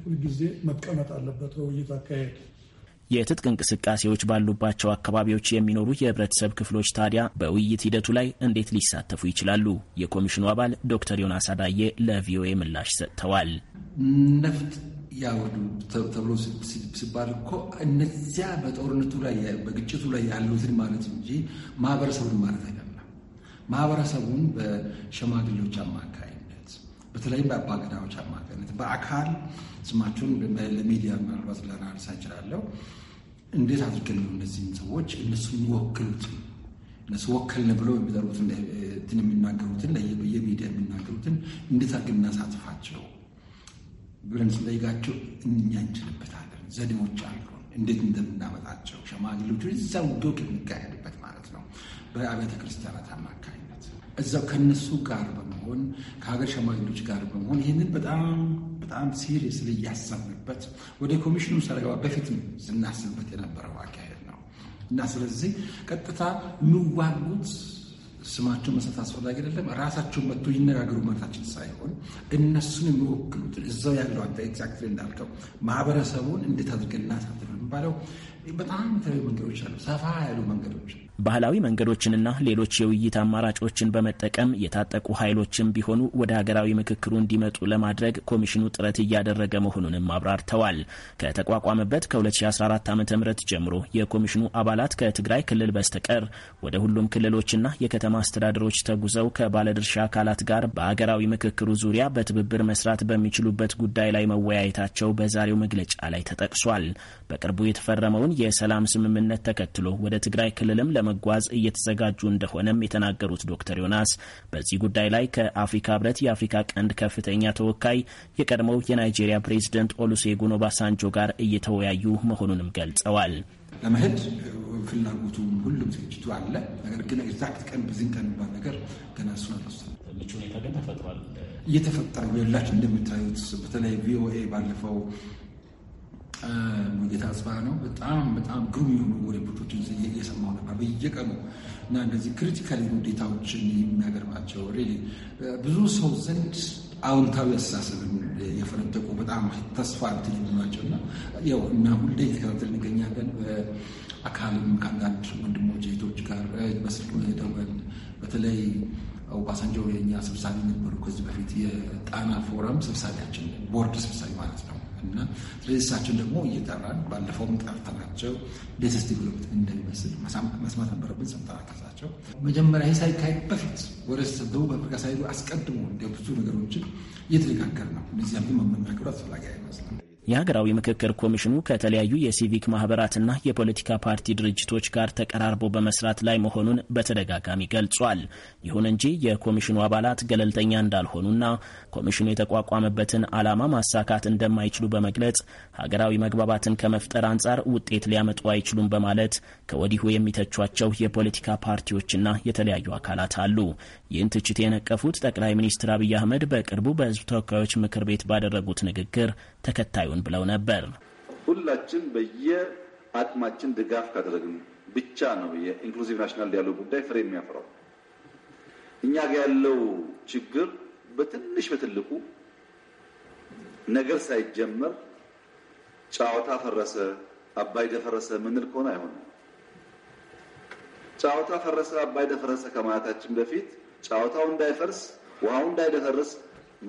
ሁልጊዜ መቀመጥ አለበት በውይይት አካሄድ። የትጥቅ እንቅስቃሴዎች ባሉባቸው አካባቢዎች የሚኖሩ የህብረተሰብ ክፍሎች ታዲያ በውይይት ሂደቱ ላይ እንዴት ሊሳተፉ ይችላሉ? የኮሚሽኑ አባል ዶክተር ዮናስ አዳዬ ለቪኦኤ ምላሽ ሰጥተዋል። ነፍጥ ያወዱ ተብሎ ሲባል እኮ እነዚያ በጦርነቱ ላይ በግጭቱ ላይ ያሉትን ማለት እንጂ ማህበረሰቡን ማለት አይደለም። ማህበረሰቡን በሸማግሌዎች አማካይ በተለይም በአባገዳዎች አማካኝነት በአካል ስማቸውን ለሚዲያ ምናልባት ለናርሳ ይችላለው እንዴት አድርገን ነው እነዚህን ሰዎች እነሱ የሚወክሉትን እነሱ ወከልን ብለው የሚጠሩትን የሚናገሩትን በየሚዲያ የሚናገሩትን እንዴት አድርገን እናሳትፋቸው ብለን ስንጠይቃቸው እኛ እንችልበታለን፣ ዘዴዎች አሉ እንዴት እንደምናመጣቸው ሸማግሌዎቹ እዛ ውዶቅ የሚካሄድበት ማለት ነው። በአብያተ ክርስቲያናት አማካኝነት እዛው ከነሱ ጋር በመ ሳይሆን ከሀገር ሸማግሌዎች ጋር በመሆን ይህንን በጣም በጣም ሲሪየስ ላይ እያሰብንበት ወደ ኮሚሽኑ ሳልገባ በፊትም ስናስብበት የነበረው አካሄድ ነው እና ስለዚህ ቀጥታ የሚዋጉት ስማቸው መስጠት አስፈላጊ አይደለም። ራሳቸው መጥቶ ይነጋገሩ ማለታችን ሳይሆን እነሱን የሚወክሉትን እዛው ያለው አንተ ኤግዛክት እንዳልከው ማህበረሰቡን እንዴት አድርገን እናሳትፍ ባለው በጣም የተለያዩ መንገዶች አሉ፣ ሰፋ ያሉ መንገዶች ባህላዊ መንገዶችንና ሌሎች የውይይት አማራጮችን በመጠቀም የታጠቁ ኃይሎችም ቢሆኑ ወደ ሀገራዊ ምክክሩ እንዲመጡ ለማድረግ ኮሚሽኑ ጥረት እያደረገ መሆኑንም አብራርተዋል። ከተቋቋመበት ከ2014 ዓ ም ጀምሮ የኮሚሽኑ አባላት ከትግራይ ክልል በስተቀር ወደ ሁሉም ክልሎችና የከተማ አስተዳደሮች ተጉዘው ከባለድርሻ አካላት ጋር በሀገራዊ ምክክሩ ዙሪያ በትብብር መስራት በሚችሉበት ጉዳይ ላይ መወያየታቸው በዛሬው መግለጫ ላይ ተጠቅሷል። በቅርቡ የተፈረመውን የሰላም ስምምነት ተከትሎ ወደ ትግራይ ክልልም ለመጓዝ እየተዘጋጁ እንደሆነም የተናገሩት ዶክተር ዮናስ በዚህ ጉዳይ ላይ ከአፍሪካ ህብረት የአፍሪካ ቀንድ ከፍተኛ ተወካይ የቀድሞው የናይጄሪያ ፕሬዝደንት ኦሉሴጉን ኦባሳንጆ ጋር እየተወያዩ መሆኑንም ገልጸዋል። ለመሄድ ፍላጎቱ ሁሉም ዝግጅቱ አለ። ነገር ግን ኤግዛክት ቀን ብዝን ቀን ባል ነገር ገና እሱ ምቹ ሁኔታ ግን ተፈጥሯል፣ እየተፈጠረ ሁላችሁ እንደምታዩት በተለይ ቪኦኤ ባለፈው ሙጌታ ጽባ ነው። በጣም በጣም ግሩም የሆኑ ወደ ነበር በየቀኑ እና ክሪቲካል ብዙ ሰው ዘንድ አውንታዊ አስተሳሰብን የፈነጠቁ በጣም ተስፋ እንትን የሚሏቸው እና ያው እና ሁሌ የተከታተል እንገኛለን። በአካልም ከአንዳንድ ወንድሞች ጋር በስልክ በተለይ ኦባሳንጆ የኛ ሰብሳቢ ነበሩ ከዚህ በፊት የጣና ፎረም ሰብሳቢያችን ቦርድ ሰብሳቢ ማለት ነው እና ስለዚህ እሳቸውን ደግሞ እየጠራን ባለፈውም ጠርተናቸው ሌተስት ዲቨሎፕመንት እንደሚመስል መስማት ነበረብን። ሰምተናል ከሳቸው መጀመሪያ ይህ ሳይካሄድ በፊት ወደ ደቡብ አፍሪካ ሳይሉ አስቀድሞ እንደ ብዙ ነገሮችን እየተነጋገር ነው። እነዚያ ግን መመናገሩ አስፈላጊ አይመስልም። የሀገራዊ ምክክር ኮሚሽኑ ከተለያዩ የሲቪክ ማህበራትና የፖለቲካ ፓርቲ ድርጅቶች ጋር ተቀራርቦ በመስራት ላይ መሆኑን በተደጋጋሚ ገልጿል። ይሁን እንጂ የኮሚሽኑ አባላት ገለልተኛ እንዳልሆኑና ኮሚሽኑ የተቋቋመበትን ዓላማ ማሳካት እንደማይችሉ በመግለጽ ሀገራዊ መግባባትን ከመፍጠር አንጻር ውጤት ሊያመጡ አይችሉም በማለት ከወዲሁ የሚተቿቸው የፖለቲካ ፓርቲዎችና የተለያዩ አካላት አሉ። ይህን ትችት የነቀፉት ጠቅላይ ሚኒስትር አብይ አህመድ በቅርቡ በህዝብ ተወካዮች ምክር ቤት ባደረጉት ንግግር ተከታዩ አሉን ብለው ነበር። ሁላችን በየአቅማችን ድጋፍ ካደረግን ብቻ ነው የኢንክሉዚቭ ናሽናል ዲያሎግ ጉዳይ ፍሬ የሚያፈራው። እኛ ጋ ያለው ችግር በትንሽ በትልቁ ነገር ሳይጀመር ጨዋታ ፈረሰ፣ አባይ ደፈረሰ ምንል ከሆነ አይሆንም። ጨዋታ ፈረሰ፣ አባይ ደፈረሰ ከማለታችን በፊት ጨዋታው እንዳይፈርስ ውሃው እንዳይደፈርስ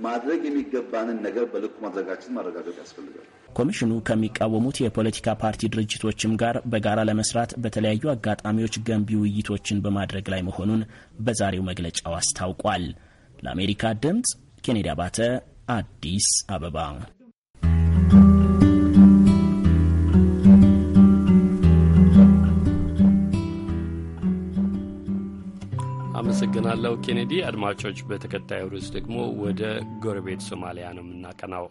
ማድረግ የሚገባንን ነገር በልኩ ማድረጋችን ማረጋገጥ ያስፈልጋል። ኮሚሽኑ ከሚቃወሙት የፖለቲካ ፓርቲ ድርጅቶችም ጋር በጋራ ለመስራት በተለያዩ አጋጣሚዎች ገንቢ ውይይቶችን በማድረግ ላይ መሆኑን በዛሬው መግለጫው አስታውቋል። ለአሜሪካ ድምፅ ኬኔዲ አባተ አዲስ አበባ አመሰግናለሁ ኬኔዲ። አድማጮች፣ በተከታዩ ርዕስ ደግሞ ወደ ጎረቤት ሶማሊያ ነው የምናቀናው።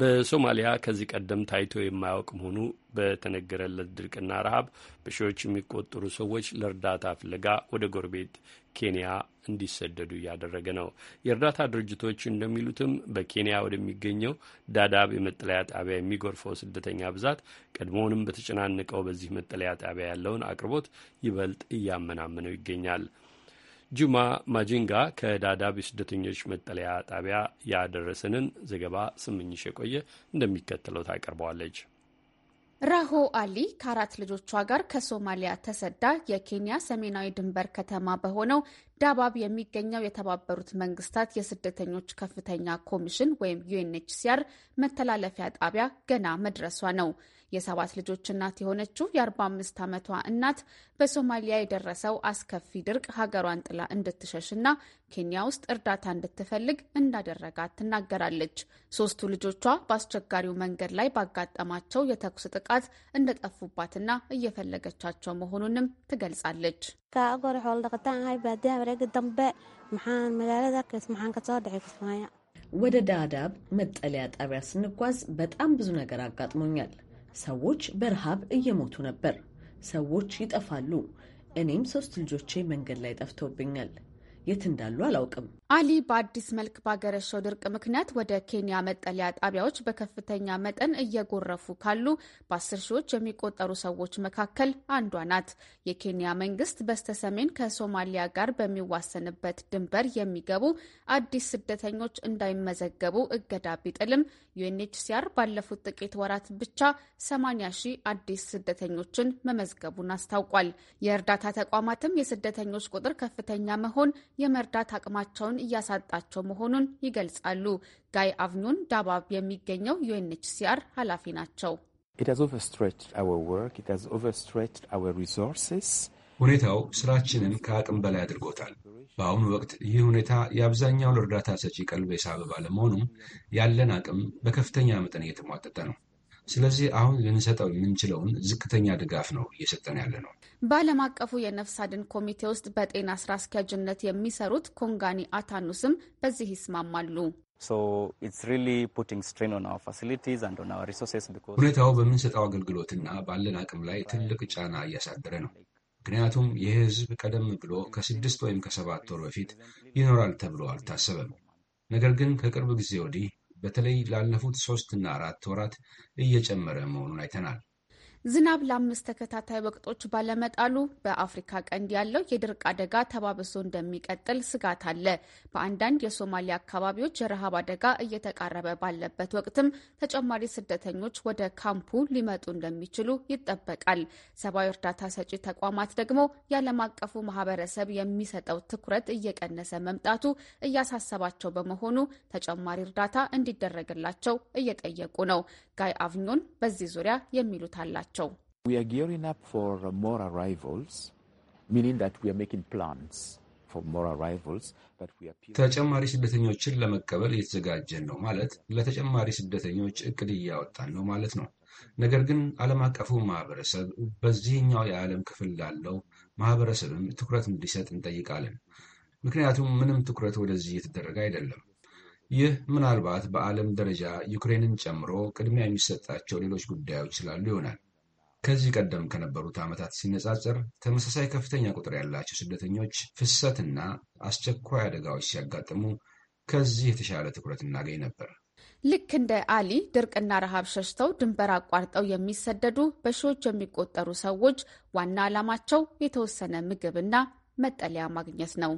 በሶማሊያ ከዚህ ቀደም ታይቶ የማያውቅ መሆኑ በተነገረለት ድርቅና ረሃብ በሺዎች የሚቆጠሩ ሰዎች ለእርዳታ ፍለጋ ወደ ጎረቤት ኬንያ እንዲሰደዱ እያደረገ ነው። የእርዳታ ድርጅቶች እንደሚሉትም በኬንያ ወደሚገኘው ዳዳብ የመጠለያ ጣቢያ የሚጎርፈው ስደተኛ ብዛት ቀድሞውንም በተጨናነቀው በዚህ መጠለያ ጣቢያ ያለውን አቅርቦት ይበልጥ እያመናመነው ይገኛል። ጁማ ማጂንጋ ከዳዳብ የስደተኞች መጠለያ ጣቢያ ያደረሰንን ዘገባ ስምኝሽ የቆየ እንደሚከተለው ታቀርበዋለች። ራሆ አሊ ከአራት ልጆቿ ጋር ከሶማሊያ ተሰዳ የኬንያ ሰሜናዊ ድንበር ከተማ በሆነው ዳባብ የሚገኘው የተባበሩት መንግስታት የስደተኞች ከፍተኛ ኮሚሽን ወይም ዩኤንኤችሲአር መተላለፊያ ጣቢያ ገና መድረሷ ነው። የሰባት ልጆች እናት የሆነችው የ45 ዓመቷ እናት በሶማሊያ የደረሰው አስከፊ ድርቅ ሀገሯን ጥላ እንድትሸሽና ኬንያ ውስጥ እርዳታ እንድትፈልግ እንዳደረጋት ትናገራለች። ሶስቱ ልጆቿ በአስቸጋሪው መንገድ ላይ ባጋጠማቸው የተኩስ ጥቃት እንደጠፉባትና እየፈለገቻቸው መሆኑንም ትገልጻለች። ወደ ዳዳብ መጠለያ ጣቢያ ስንጓዝ በጣም ብዙ ነገር አጋጥሞኛል። ሰዎች በረሃብ እየሞቱ ነበር። ሰዎች ይጠፋሉ። እኔም ሶስት ልጆቼ መንገድ ላይ ጠፍተውብኛል። የት እንዳሉ አላውቅም። አሊ በአዲስ መልክ ባገረሸው ድርቅ ምክንያት ወደ ኬንያ መጠለያ ጣቢያዎች በከፍተኛ መጠን እየጎረፉ ካሉ በአስር ሺዎች የሚቆጠሩ ሰዎች መካከል አንዷ ናት። የኬንያ መንግስት በስተሰሜን ከሶማሊያ ጋር በሚዋሰንበት ድንበር የሚገቡ አዲስ ስደተኞች እንዳይመዘገቡ እገዳ ቢጥልም ዩኤንኤችሲአር ባለፉት ጥቂት ወራት ብቻ 80 ሺህ አዲስ ስደተኞችን መመዝገቡን አስታውቋል። የእርዳታ ተቋማትም የስደተኞች ቁጥር ከፍተኛ መሆን የመርዳት አቅማቸውን እያሳጣቸው መሆኑን ይገልጻሉ። ጋይ አቭኞን ዳባብ የሚገኘው ዩኤንኤችሲአር ኃላፊ ናቸው። ሁኔታው ስራችንን ከአቅም በላይ አድርጎታል። በአሁኑ ወቅት ይህ ሁኔታ የአብዛኛው እርዳታ ሰጪ ቀልብ የሳበ ባለመሆኑም ያለን አቅም በከፍተኛ መጠን እየተሟጠጠ ነው። ስለዚህ አሁን ልንሰጠው የምንችለውን ዝቅተኛ ድጋፍ ነው እየሰጠን ያለ ነው። በዓለም አቀፉ የነፍስ አድን ኮሚቴ ውስጥ በጤና ስራ አስኪያጅነት የሚሰሩት ኮንጋኒ አታኑስም በዚህ ይስማማሉ። ሁኔታው በምንሰጠው አገልግሎትና ባለን አቅም ላይ ትልቅ ጫና እያሳደረ ነው። ምክንያቱም ይህ ህዝብ ቀደም ብሎ ከስድስት ወይም ከሰባት ወር በፊት ይኖራል ተብሎ አልታሰበም። ነገር ግን ከቅርብ ጊዜ ወዲህ በተለይ ላለፉት ሶስት እና አራት ወራት እየጨመረ መሆኑን አይተናል። ዝናብ ለአምስት ተከታታይ ወቅቶች ባለመጣሉ በአፍሪካ ቀንድ ያለው የድርቅ አደጋ ተባብሶ እንደሚቀጥል ስጋት አለ። በአንዳንድ የሶማሊያ አካባቢዎች የረሃብ አደጋ እየተቃረበ ባለበት ወቅትም ተጨማሪ ስደተኞች ወደ ካምፑ ሊመጡ እንደሚችሉ ይጠበቃል። ሰብአዊ እርዳታ ሰጪ ተቋማት ደግሞ የዓለም አቀፉ ማህበረሰብ የሚሰጠው ትኩረት እየቀነሰ መምጣቱ እያሳሰባቸው በመሆኑ ተጨማሪ እርዳታ እንዲደረግላቸው እየጠየቁ ነው። ጋይ አቭኖን በዚህ ዙሪያ የሚሉት አላቸው። uh, ተጨማሪ ስደተኞችን ለመቀበል እየተዘጋጀን ነው ማለት ለተጨማሪ ስደተኞች እቅድ እያወጣን ነው ማለት ነው። ነገር ግን ዓለም አቀፉ ማህበረሰብ በዚህኛው የዓለም ክፍል ላለው ማህበረሰብም ትኩረት እንዲሰጥ እንጠይቃለን። ምክንያቱም ምንም ትኩረት ወደዚህ እየተደረገ አይደለም። ይህ ምናልባት በዓለም ደረጃ ዩክሬንን ጨምሮ ቅድሚያ የሚሰጣቸው ሌሎች ጉዳዮች ስላሉ ይሆናል። ከዚህ ቀደም ከነበሩት ዓመታት ሲነጻጸር ተመሳሳይ ከፍተኛ ቁጥር ያላቸው ስደተኞች ፍሰትና አስቸኳይ አደጋዎች ሲያጋጥሙ ከዚህ የተሻለ ትኩረት እናገኝ ነበር። ልክ እንደ አሊ ድርቅና ረሃብ ሸሽተው ድንበር አቋርጠው የሚሰደዱ በሺዎች የሚቆጠሩ ሰዎች ዋና ዓላማቸው የተወሰነ ምግብና መጠለያ ማግኘት ነው።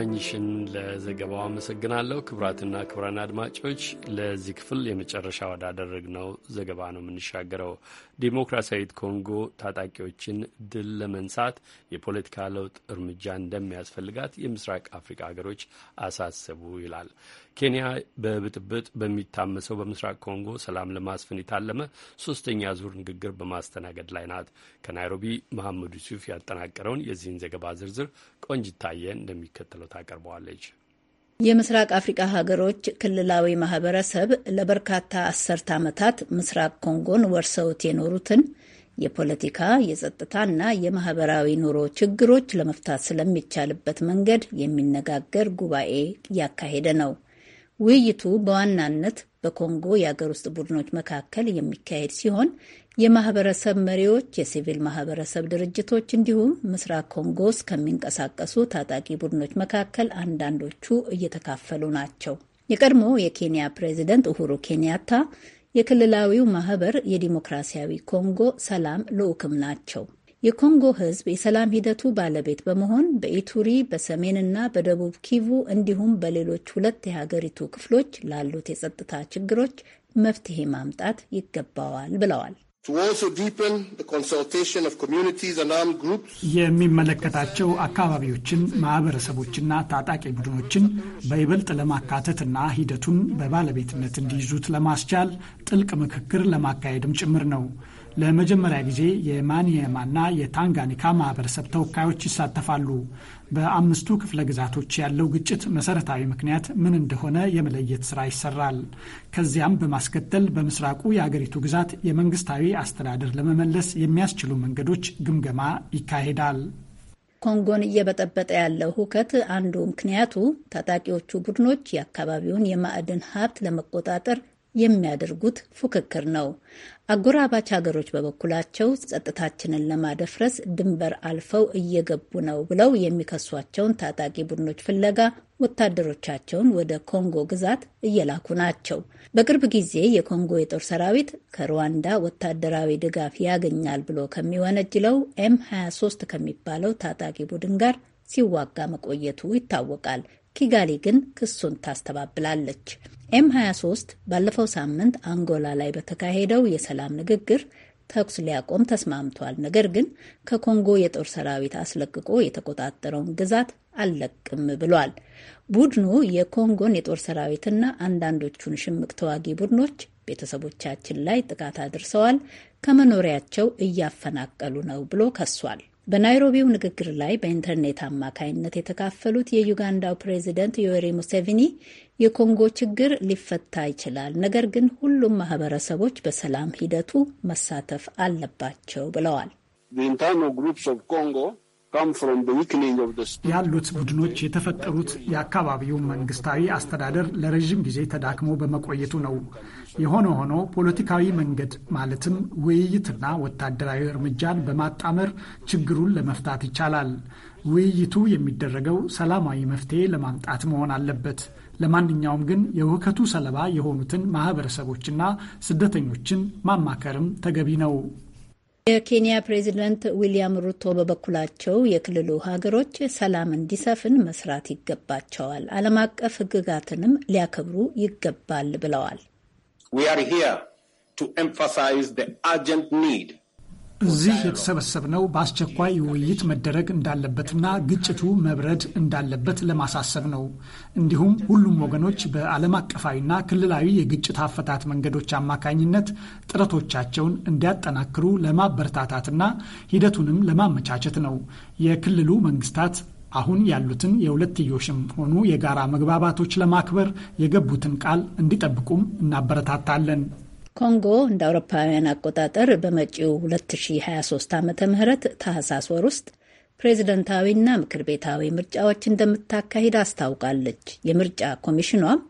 ስመኝሽን ለዘገባው አመሰግናለሁ። ክቡራትና ክቡራን አድማጮች ለዚህ ክፍል የመጨረሻ ወዳደረግነው ዘገባ ነው የምንሻገረው። ዴሞክራሲያዊት ኮንጎ ታጣቂዎችን ድል ለመንሳት የፖለቲካ ለውጥ እርምጃ እንደሚያስፈልጋት የምስራቅ አፍሪካ ሀገሮች አሳሰቡ ይላል። ኬንያ በብጥብጥ በሚታመሰው በምስራቅ ኮንጎ ሰላም ለማስፈን የታለመ ሶስተኛ ዙር ንግግር በማስተናገድ ላይ ናት። ከናይሮቢ መሐመድ ዩሱፍ ያጠናቀረውን የዚህን ዘገባ ዝርዝር ቆንጅታየ እንደሚከተለው ታቀርበዋለች። የምስራቅ አፍሪካ ሀገሮች ክልላዊ ማህበረሰብ ለበርካታ አስርት ዓመታት ምስራቅ ኮንጎን ወርሰውት የኖሩትን የፖለቲካ የጸጥታና የማህበራዊ ኑሮ ችግሮች ለመፍታት ስለሚቻልበት መንገድ የሚነጋገር ጉባኤ እያካሄደ ነው። ውይይቱ በዋናነት በኮንጎ የአገር ውስጥ ቡድኖች መካከል የሚካሄድ ሲሆን የማህበረሰብ መሪዎች፣ የሲቪል ማህበረሰብ ድርጅቶች እንዲሁም ምስራቅ ኮንጎ ውስጥ ከሚንቀሳቀሱ ታጣቂ ቡድኖች መካከል አንዳንዶቹ እየተካፈሉ ናቸው። የቀድሞ የኬንያ ፕሬዚደንት ኡሁሩ ኬንያታ የክልላዊው ማህበር የዲሞክራሲያዊ ኮንጎ ሰላም ልዑክም ናቸው። የኮንጎ ህዝብ የሰላም ሂደቱ ባለቤት በመሆን በኢቱሪ በሰሜንና በደቡብ ኪቩ እንዲሁም በሌሎች ሁለት የሀገሪቱ ክፍሎች ላሉት የጸጥታ ችግሮች መፍትሄ ማምጣት ይገባዋል ብለዋል። የሚመለከታቸው አካባቢዎችን፣ ማህበረሰቦችና ታጣቂ ቡድኖችን በይበልጥ ለማካተትና ሂደቱን በባለቤትነት እንዲይዙት ለማስቻል ጥልቅ ምክክር ለማካሄድም ጭምር ነው። ለመጀመሪያ ጊዜ የማንየማና የታንጋኒካ ማህበረሰብ ተወካዮች ይሳተፋሉ። በአምስቱ ክፍለ ግዛቶች ያለው ግጭት መሰረታዊ ምክንያት ምን እንደሆነ የመለየት ስራ ይሰራል። ከዚያም በማስከተል በምስራቁ የአገሪቱ ግዛት የመንግስታዊ አስተዳደር ለመመለስ የሚያስችሉ መንገዶች ግምገማ ይካሄዳል። ኮንጎን እየበጠበጠ ያለው ሁከት አንዱ ምክንያቱ ታጣቂዎቹ ቡድኖች የአካባቢውን የማዕድን ሀብት ለመቆጣጠር የሚያደርጉት ፉክክር ነው። አጎራባች ሀገሮች በበኩላቸው ጸጥታችንን ለማደፍረስ ድንበር አልፈው እየገቡ ነው ብለው የሚከሷቸውን ታጣቂ ቡድኖች ፍለጋ ወታደሮቻቸውን ወደ ኮንጎ ግዛት እየላኩ ናቸው። በቅርብ ጊዜ የኮንጎ የጦር ሰራዊት ከሩዋንዳ ወታደራዊ ድጋፍ ያገኛል ብሎ ከሚወነጅለው ኤም 23 ከሚባለው ታጣቂ ቡድን ጋር ሲዋጋ መቆየቱ ይታወቃል። ኪጋሊ ግን ክሱን ታስተባብላለች። ኤም 23 ባለፈው ሳምንት አንጎላ ላይ በተካሄደው የሰላም ንግግር ተኩስ ሊያቆም ተስማምቷል። ነገር ግን ከኮንጎ የጦር ሰራዊት አስለቅቆ የተቆጣጠረውን ግዛት አልለቅም ብሏል። ቡድኑ የኮንጎን የጦር ሰራዊትና አንዳንዶቹን ሽምቅ ተዋጊ ቡድኖች ቤተሰቦቻችን ላይ ጥቃት አድርሰዋል፣ ከመኖሪያቸው እያፈናቀሉ ነው ብሎ ከሷል። በናይሮቢው ንግግር ላይ በኢንተርኔት አማካይነት የተካፈሉት የዩጋንዳው ፕሬዚደንት ዮዌሪ ሙሴቪኒ የኮንጎ ችግር ሊፈታ ይችላል፣ ነገር ግን ሁሉም ማህበረሰቦች በሰላም ሂደቱ መሳተፍ አለባቸው ብለዋል። ያሉት ቡድኖች የተፈጠሩት የአካባቢው መንግስታዊ አስተዳደር ለረዥም ጊዜ ተዳክሞ በመቆየቱ ነው። የሆነ ሆኖ ፖለቲካዊ መንገድ ማለትም ውይይትና ወታደራዊ እርምጃን በማጣመር ችግሩን ለመፍታት ይቻላል። ውይይቱ የሚደረገው ሰላማዊ መፍትሄ ለማምጣት መሆን አለበት። ለማንኛውም ግን የውከቱ ሰለባ የሆኑትን ማህበረሰቦችና ስደተኞችን ማማከርም ተገቢ ነው። የኬንያ ፕሬዚደንት ዊልያም ሩቶ በበኩላቸው የክልሉ ሀገሮች ሰላም እንዲሰፍን መስራት ይገባቸዋል፣ ዓለም አቀፍ ሕግጋትንም ሊያከብሩ ይገባል ብለዋል። እዚህ የተሰበሰብነው በአስቸኳይ ውይይት መደረግ እንዳለበትና ግጭቱ መብረድ እንዳለበት ለማሳሰብ ነው። እንዲሁም ሁሉም ወገኖች በዓለም አቀፋዊና ክልላዊ የግጭት አፈታት መንገዶች አማካኝነት ጥረቶቻቸውን እንዲያጠናክሩ ለማበረታታትና ሂደቱንም ለማመቻቸት ነው። የክልሉ መንግስታት አሁን ያሉትን የሁለትዮሽም ሆኑ የጋራ መግባባቶች ለማክበር የገቡትን ቃል እንዲጠብቁም እናበረታታለን። ኮንጎ እንደ አውሮፓውያን አቆጣጠር በመጪው 2023 ዓ ም ታህሳስ ወር ውስጥ ፕሬዝደንታዊና ምክር ቤታዊ ምርጫዎች እንደምታካሂድ አስታውቃለች። የምርጫ ኮሚሽኗም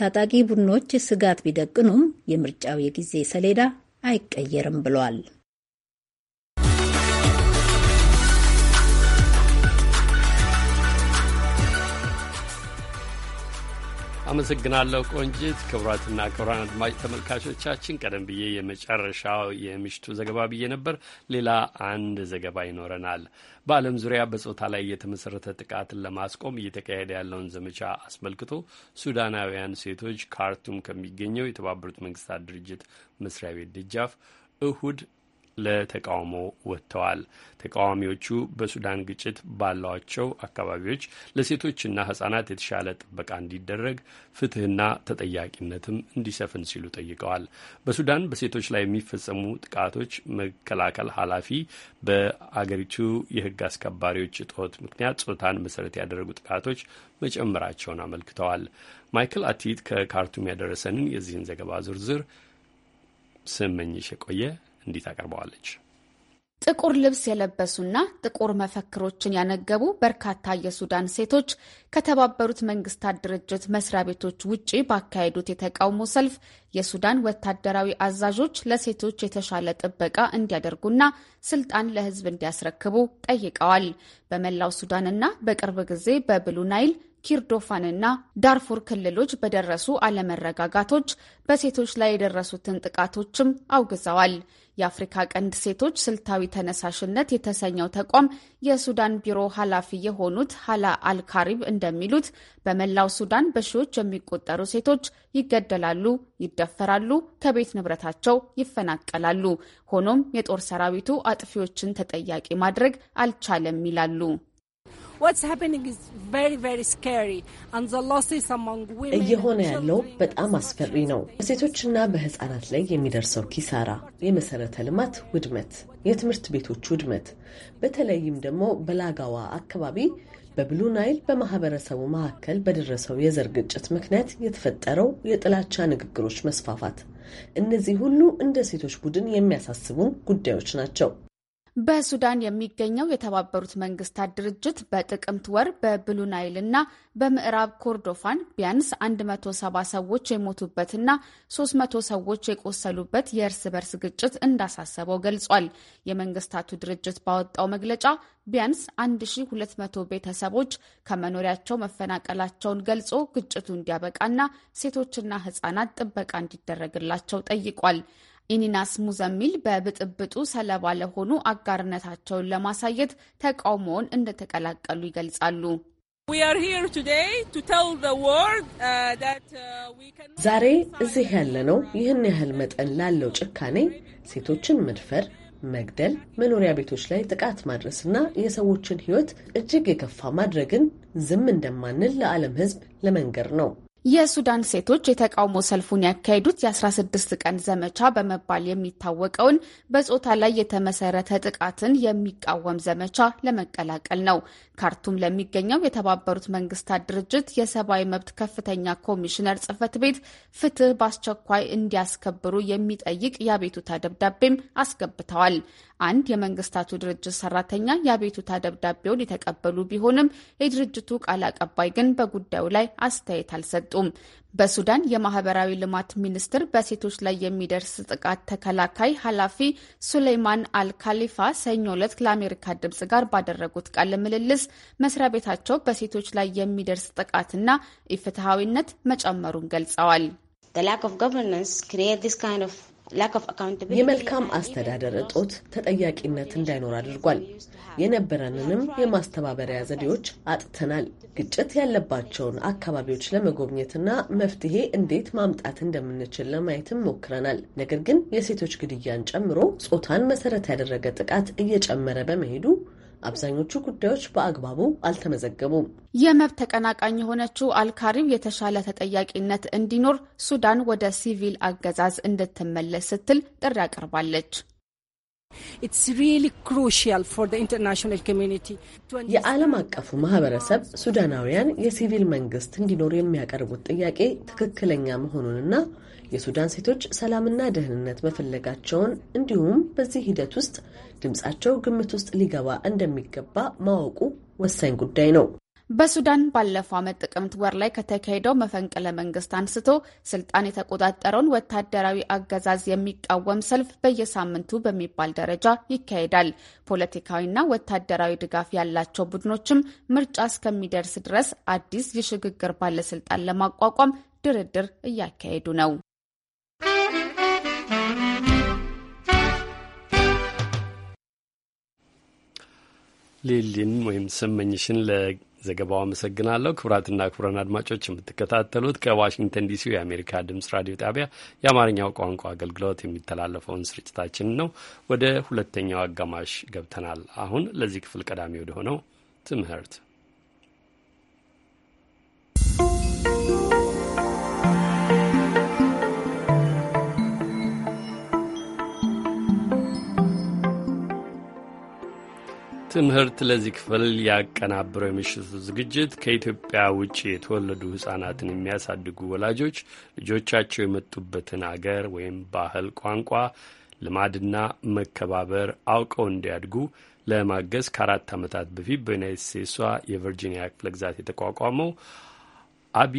ታጣቂ ቡድኖች ስጋት ቢደቅኑም የምርጫው የጊዜ ሰሌዳ አይቀየርም ብሏል። አመሰግናለሁ ቆንጂት። ክቡራትና ክቡራን አድማጭ ተመልካቾቻችን ቀደም ብዬ የመጨረሻው የምሽቱ ዘገባ ብዬ ነበር። ሌላ አንድ ዘገባ ይኖረናል። በዓለም ዙሪያ በጾታ ላይ የተመሰረተ ጥቃትን ለማስቆም እየተካሄደ ያለውን ዘመቻ አስመልክቶ ሱዳናውያን ሴቶች ካርቱም ከሚገኘው የተባበሩት መንግስታት ድርጅት መስሪያ ቤት ደጃፍ እሁድ ለተቃውሞ ወጥተዋል። ተቃዋሚዎቹ በሱዳን ግጭት ባሏቸው አካባቢዎች ለሴቶችና ህጻናት የተሻለ ጥበቃ እንዲደረግ፣ ፍትህና ተጠያቂነትም እንዲሰፍን ሲሉ ጠይቀዋል። በሱዳን በሴቶች ላይ የሚፈጸሙ ጥቃቶች መከላከል ኃላፊ በአገሪቱ የህግ አስከባሪዎች እጦት ምክንያት ጾታን መሰረት ያደረጉ ጥቃቶች መጨመራቸውን አመልክተዋል። ማይክል አቲት ከካርቱም ያደረሰንን የዚህን ዘገባ ዝርዝር ስመኝሽ የቆየ እንዲህ ታቀርበዋለች። ጥቁር ልብስ የለበሱና ጥቁር መፈክሮችን ያነገቡ በርካታ የሱዳን ሴቶች ከተባበሩት መንግስታት ድርጅት መስሪያ ቤቶች ውጪ ባካሄዱት የተቃውሞ ሰልፍ የሱዳን ወታደራዊ አዛዦች ለሴቶች የተሻለ ጥበቃ እንዲያደርጉና ስልጣን ለሕዝብ እንዲያስረክቡ ጠይቀዋል። በመላው ሱዳንና በቅርብ ጊዜ በብሉ ናይል ኪርዶፋንና ዳርፉር ክልሎች በደረሱ አለመረጋጋቶች በሴቶች ላይ የደረሱትን ጥቃቶችም አውግዘዋል። የአፍሪካ ቀንድ ሴቶች ስልታዊ ተነሳሽነት የተሰኘው ተቋም የሱዳን ቢሮ ኃላፊ የሆኑት ሀላ አልካሪብ እንደሚሉት በመላው ሱዳን በሺዎች የሚቆጠሩ ሴቶች ይገደላሉ፣ ይደፈራሉ፣ ከቤት ንብረታቸው ይፈናቀላሉ። ሆኖም የጦር ሰራዊቱ አጥፊዎችን ተጠያቂ ማድረግ አልቻለም ይላሉ። እየሆነ ያለው በጣም አስፈሪ ነው። በሴቶችና በህፃናት ላይ የሚደርሰው ኪሳራ፣ የመሰረተ ልማት ውድመት፣ የትምህርት ቤቶች ውድመት፣ በተለይም ደግሞ በላጋዋ አካባቢ በብሉ ናይል በማህበረሰቡ መካከል በደረሰው የዘር ግጭት ምክንያት የተፈጠረው የጥላቻ ንግግሮች መስፋፋት፣ እነዚህ ሁሉ እንደ ሴቶች ቡድን የሚያሳስቡን ጉዳዮች ናቸው። በሱዳን የሚገኘው የተባበሩት መንግስታት ድርጅት በጥቅምት ወር በብሉ ናይል እና በምዕራብ ኮርዶፋን ቢያንስ 170 ሰዎች የሞቱበትና 300 ሰዎች የቆሰሉበት የእርስ በርስ ግጭት እንዳሳሰበው ገልጿል። የመንግስታቱ ድርጅት ባወጣው መግለጫ ቢያንስ 1200 ቤተሰቦች ከመኖሪያቸው መፈናቀላቸውን ገልጾ ግጭቱ እንዲያበቃና ሴቶችና ህጻናት ጥበቃ እንዲደረግላቸው ጠይቋል። ኢኒናስ ሙዘሚል በብጥብጡ ሰለባ ለሆኑ አጋርነታቸውን ለማሳየት ተቃውሞውን እንደተቀላቀሉ ይገልጻሉ። uh, uh, ዛሬ እዚህ ያለነው ይህን ያህል መጠን ላለው ጭካኔ፣ ሴቶችን መድፈር፣ መግደል፣ መኖሪያ ቤቶች ላይ ጥቃት ማድረስና የሰዎችን ሕይወት እጅግ የከፋ ማድረግን ዝም እንደማንል ለዓለም ሕዝብ ለመንገር ነው። የሱዳን ሴቶች የተቃውሞ ሰልፉን ያካሄዱት የ16 ቀን ዘመቻ በመባል የሚታወቀውን በጾታ ላይ የተመሰረተ ጥቃትን የሚቃወም ዘመቻ ለመቀላቀል ነው። ካርቱም ለሚገኘው የተባበሩት መንግስታት ድርጅት የሰብአዊ መብት ከፍተኛ ኮሚሽነር ጽህፈት ቤት ፍትህ በአስቸኳይ እንዲያስከብሩ የሚጠይቅ የአቤቱታ ደብዳቤም አስገብተዋል። አንድ የመንግስታቱ ድርጅት ሰራተኛ የአቤቱታ ደብዳቤውን የተቀበሉ ቢሆንም የድርጅቱ ቃል አቀባይ ግን በጉዳዩ ላይ አስተያየት አልሰጡም። በሱዳን የማህበራዊ ልማት ሚኒስቴር በሴቶች ላይ የሚደርስ ጥቃት ተከላካይ ኃላፊ ሱሌይማን አልካሊፋ ሰኞ ዕለት ከአሜሪካ ድምጽ ጋር ባደረጉት ቃለ ምልልስ መስሪያ ቤታቸው በሴቶች ላይ የሚደርስ ጥቃትና ኢፍትሐዊነት መጨመሩን ገልጸዋል። የመልካም አስተዳደር እጦት ተጠያቂነት እንዳይኖር አድርጓል። የነበረንንም የማስተባበሪያ ዘዴዎች አጥተናል። ግጭት ያለባቸውን አካባቢዎች ለመጎብኘትና መፍትሄ እንዴት ማምጣት እንደምንችል ለማየትም ሞክረናል። ነገር ግን የሴቶች ግድያን ጨምሮ ጾታን መሰረት ያደረገ ጥቃት እየጨመረ በመሄዱ አብዛኞቹ ጉዳዮች በአግባቡ አልተመዘገቡም። የመብት ተቀናቃኝ የሆነችው አልካሪብ የተሻለ ተጠያቂነት እንዲኖር ሱዳን ወደ ሲቪል አገዛዝ እንድትመለስ ስትል ጥሪ አቅርባለች። የዓለም አቀፉ ማህበረሰብ ሱዳናውያን የሲቪል መንግስት እንዲኖር የሚያቀርቡት ጥያቄ ትክክለኛ መሆኑንና የሱዳን ሴቶች ሰላምና ደህንነት መፈለጋቸውን እንዲሁም በዚህ ሂደት ውስጥ ድምጻቸው ግምት ውስጥ ሊገባ እንደሚገባ ማወቁ ወሳኝ ጉዳይ ነው። በሱዳን ባለፈው ዓመት ጥቅምት ወር ላይ ከተካሄደው መፈንቅለ መንግስት አንስቶ ስልጣን የተቆጣጠረውን ወታደራዊ አገዛዝ የሚቃወም ሰልፍ በየሳምንቱ በሚባል ደረጃ ይካሄዳል። ፖለቲካዊና ወታደራዊ ድጋፍ ያላቸው ቡድኖችም ምርጫ እስከሚደርስ ድረስ አዲስ የሽግግር ባለስልጣን ለማቋቋም ድርድር እያካሄዱ ነው። ሌሊን ወይም ስመኝሽን ለዘገባው አመሰግናለሁ። ክቡራትና ክቡራን አድማጮች የምትከታተሉት ከዋሽንግተን ዲሲ የአሜሪካ ድምጽ ራዲዮ ጣቢያ የአማርኛው ቋንቋ አገልግሎት የሚተላለፈውን ስርጭታችን ነው። ወደ ሁለተኛው አጋማሽ ገብተናል። አሁን ለዚህ ክፍል ቀዳሚ ወደሆነው ትምህርት ትምህርት ለዚህ ክፍል ያቀናብረው የምሽቱ ዝግጅት ከኢትዮጵያ ውጭ የተወለዱ ሕፃናትን የሚያሳድጉ ወላጆች ልጆቻቸው የመጡበትን አገር ወይም ባህል፣ ቋንቋ፣ ልማድና መከባበር አውቀው እንዲያድጉ ለማገዝ ከአራት ዓመታት በፊት በዩናይት ስቴትሷ የቨርጂኒያ ክፍለ ግዛት የተቋቋመው አቢ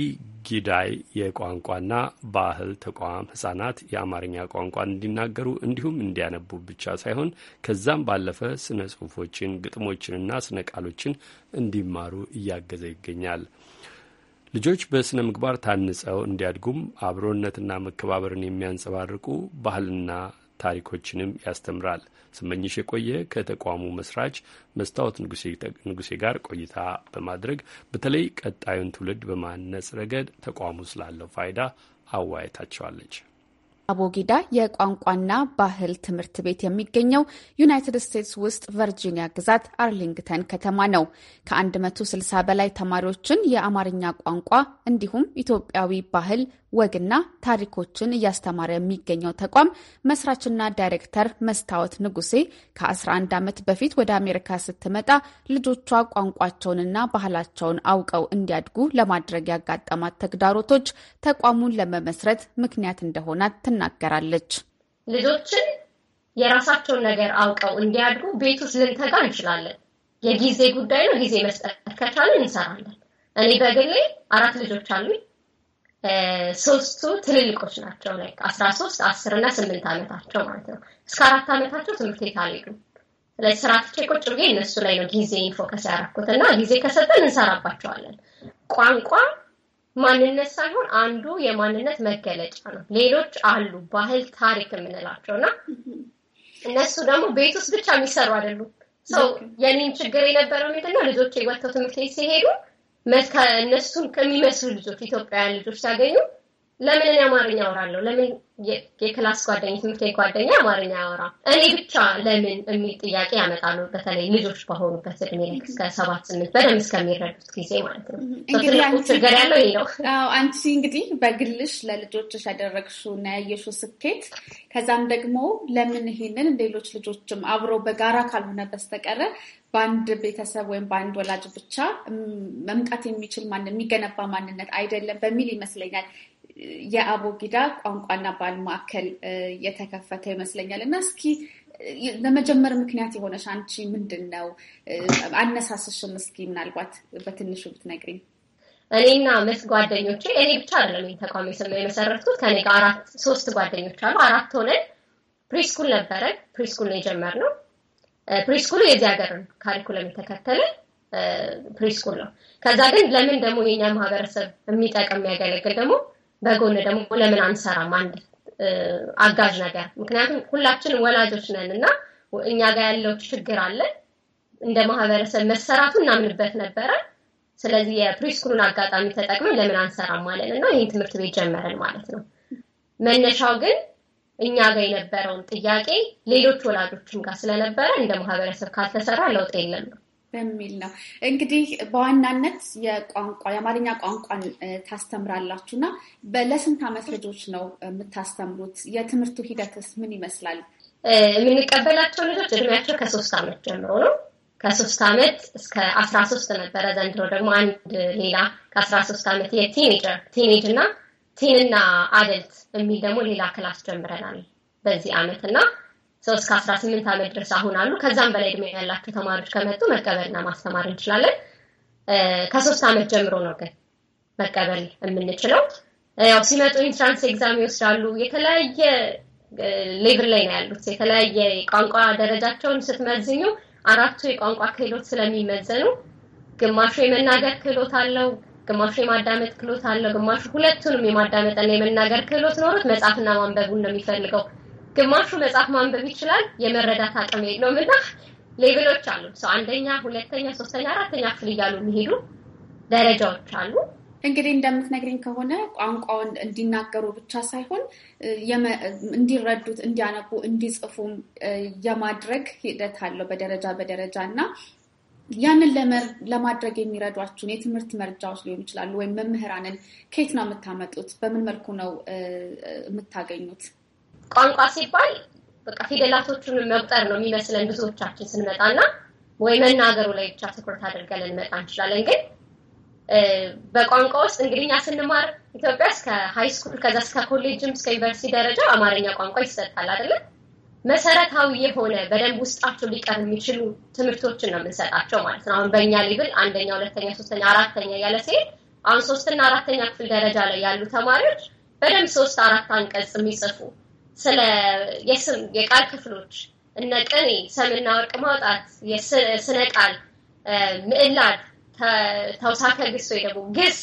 ጊዳይ የቋንቋና ባህል ተቋም ህጻናት የአማርኛ ቋንቋን እንዲናገሩ እንዲሁም እንዲያነቡ ብቻ ሳይሆን ከዛም ባለፈ ስነ ጽሁፎችን፣ ግጥሞችንና ስነ ቃሎችን እንዲማሩ እያገዘ ይገኛል። ልጆች በስነ ምግባር ታንጸው እንዲያድጉም አብሮነትና መከባበርን የሚያንጸባርቁ ባህልና ታሪኮችንም ያስተምራል። ስመኝሽ የቆየ ከተቋሙ መስራች መስታወት ንጉሴ ጋር ቆይታ በማድረግ በተለይ ቀጣዩን ትውልድ በማነጽ ረገድ ተቋሙ ስላለው ፋይዳ አወያይታቸዋለች። አቦጊዳ የቋንቋና ባህል ትምህርት ቤት የሚገኘው ዩናይትድ ስቴትስ ውስጥ ቨርጂኒያ ግዛት አርሊንግተን ከተማ ነው። ከ160 በላይ ተማሪዎችን የአማርኛ ቋንቋ እንዲሁም ኢትዮጵያዊ ባህል ወግና ታሪኮችን እያስተማረ የሚገኘው ተቋም መስራችና ዳይሬክተር መስታወት ንጉሴ ከ11 ዓመት በፊት ወደ አሜሪካ ስትመጣ ልጆቿ ቋንቋቸውንና ባህላቸውን አውቀው እንዲያድጉ ለማድረግ ያጋጠማት ተግዳሮቶች ተቋሙን ለመመስረት ምክንያት እንደሆናት ትናገራለች። ልጆችን የራሳቸውን ነገር አውቀው እንዲያድጉ ቤት ውስጥ ልንተጋ እንችላለን። የጊዜ ጉዳይ ነው። ጊዜ መስጠት ከቻለ እንሰራለን። እኔ በግሌ አራት ልጆች አሉኝ። ሶስቱ ትልልቆች ናቸው ላይ አስራ ሶስት አስር እና ስምንት ዓመታቸው ማለት ነው። እስከ አራት ዓመታቸው ትምህርት ቤት አልሄዱም። ስለዚህ ስራ ትቼ ቁጭ ብዬ እነሱ ላይ ነው ጊዜ ኢንፎከስ ያደረኩት እና ጊዜ ከሰጠን እንሰራባቸዋለን። ቋንቋ ማንነት ሳይሆን አንዱ የማንነት መገለጫ ነው። ሌሎች አሉ ባህል፣ ታሪክ የምንላቸው እና እነሱ ደግሞ ቤት ውስጥ ብቻ የሚሰሩ አይደሉም። ሰው የኔን ችግር የነበረው ምንድነው ልጆች የወጥተው ትምህርት ቤት ሲሄዱ እነሱን ከሚመስሉ ልጆች ኢትዮጵያውያን ልጆች ሲያገኙ ለምን አማርኛ አወራለሁ? ለምን የክላስ ጓደኛ ትምህርት ጓደኛ አማርኛ አወራ እኔ ብቻ ለምን የሚል ጥያቄ ያመጣሉ። በተለይ ልጆች በሆኑበት እድሜ ልክ እስከ ሰባት ስምንት በደንብ እስከሚረዱት ጊዜ ማለት ነው። ትልቁ ችግር ያለው ይሄ ነው። አንቺ እንግዲህ በግልሽ ለልጆችሽ ያደረግሽው እና ያየሽው ስኬት፣ ከዛም ደግሞ ለምን ይሄንን ሌሎች ልጆችም አብሮ በጋራ ካልሆነ በስተቀረ በአንድ ቤተሰብ ወይም በአንድ ወላጅ ብቻ መምጣት የሚችል ማን የሚገነባ ማንነት አይደለም በሚል ይመስለኛል የአቦጊዳ ቋንቋና ባህል ማዕከል የተከፈተ ይመስለኛል እና እስኪ ለመጀመር ምክንያት የሆነሽ አንቺ ምንድን ነው? አነሳስሽም እስኪ ምናልባት በትንሹ ብትነግሪኝ። እኔና አምስት ጓደኞቼ እኔ ብቻ አይደለም ተቋም ስም የመሰረትኩት ከኔ ጋር አራት ሶስት ጓደኞች አሉ። አራት ሆነን ፕሪስኩል ነበረ። ፕሪስኩል ነው የጀመርነው። ፕሪስኩሉ የዚህ ሀገርን ካሪኩለም የተከተለ ፕሪስኩል ነው። ከዛ ግን ለምን ደግሞ የኛ ማህበረሰብ የሚጠቅም የሚያገለግል ደግሞ በጎን ደግሞ ለምን አንሰራም አንድ አጋዥ ነገር። ምክንያቱም ሁላችንም ወላጆች ነን እና እኛ ጋር ያለው ችግር አለ እንደ ማህበረሰብ መሰራቱ እናምንበት ነበረ። ስለዚህ የፕሪስኩሉን አጋጣሚ ተጠቅመን ለምን አንሰራም ማለት እና ይህን ትምህርት ቤት ጀመረን ማለት ነው። መነሻው ግን እኛ ጋር የነበረውን ጥያቄ ሌሎች ወላጆችም ጋር ስለነበረ እንደ ማህበረሰብ ካልተሰራ ለውጥ የለም ነው። በሚል ነው እንግዲህ በዋናነት የቋንቋ የአማርኛ ቋንቋን ታስተምራላችሁ እና ለስንት ዓመት ልጆች ነው የምታስተምሩት? የትምህርቱ ሂደትስ ምን ይመስላል? የምንቀበላቸው ልጆች እድሜያቸው ከሶስት ዓመት ጀምሮ ነው። ከሶስት ዓመት እስከ አስራ ሶስት ነበረ። ዘንድሮ ደግሞ አንድ ሌላ ከአስራ ሶስት ዓመት የቲኔጀር ቲኔጅ እና ቲንና አደልት የሚል ደግሞ ሌላ ክላስ ጀምረናል በዚህ ዓመት እና ሰው እስከ አስራ ስምንት ዓመት ድረስ አሁን አሉ። ከዛም በላይ እድሜ ያላቸው ተማሪዎች ከመጡ መቀበልና ማስተማር እንችላለን። ከሶስት ዓመት ጀምሮ ነው ግን መቀበል የምንችለው። ያው ሲመጡ ኢንትራንስ ኤግዛም ይወስዳሉ። የተለያየ ሌቭል ላይ ነው ያሉት። የተለያየ ቋንቋ ደረጃቸውን ስትመዝኙ አራቱ የቋንቋ ክህሎት ስለሚመዘኑ ግማሹ የመናገር ክህሎት አለው፣ ግማሹ የማዳመጥ ክህሎት አለው፣ ግማሹ ሁለቱንም የማዳመጥና የመናገር ክህሎት ኖሮት መጻፍና ማንበቡን ነው የሚፈልገው። ግማሹ መጽሐፍ ማንበብ ይችላል፣ የመረዳት አቅም የለውም እና ሌቭሎች አሉ። ሰው አንደኛ፣ ሁለተኛ፣ ሶስተኛ፣ አራተኛ ክፍል እያሉ የሚሄዱ ደረጃዎች አሉ። እንግዲህ እንደምትነግሪኝ ከሆነ ቋንቋውን እንዲናገሩ ብቻ ሳይሆን እንዲረዱት፣ እንዲያነቡ፣ እንዲጽፉ የማድረግ ሂደት አለው በደረጃ በደረጃ እና ያንን ለማድረግ የሚረዷችሁን የትምህርት መርጃዎች ሊሆኑ ይችላሉ ወይም መምህራንን ከየት ነው የምታመጡት? በምን መልኩ ነው የምታገኙት? ቋንቋ ሲባል በቃ ፊደላቶቹን መቁጠር ነው የሚመስለን ብዙዎቻችን ስንመጣና ወይ መናገሩ ላይ ብቻ ትኩረት አድርገን ልንመጣ እንችላለን። ግን በቋንቋ ውስጥ እንግሊኛ ስንማር ኢትዮጵያ እስከ ሀይ ስኩል ከዛ እስከ ኮሌጅም እስከ ዩኒቨርሲቲ ደረጃ አማርኛ ቋንቋ ይሰጣል አይደለም። መሰረታዊ የሆነ በደንብ ውስጣቸው ሊቀር የሚችሉ ትምህርቶችን ነው የምንሰጣቸው ማለት ነው። አሁን በእኛ ሌብል አንደኛ፣ ሁለተኛ፣ ሶስተኛ፣ አራተኛ እያለ ሲሄድ አሁን ሶስትና አራተኛ ክፍል ደረጃ ላይ ያሉ ተማሪዎች በደንብ ሶስት አራት አንቀጽ የሚጽፉ ስለ የስም የቃል ክፍሎች እነ ቅኔ፣ ሰምና ወርቅ ማውጣት፣ ስነ ቃል፣ ምዕላድ፣ ተውሳከ ግስ ወይ ደግሞ ግስ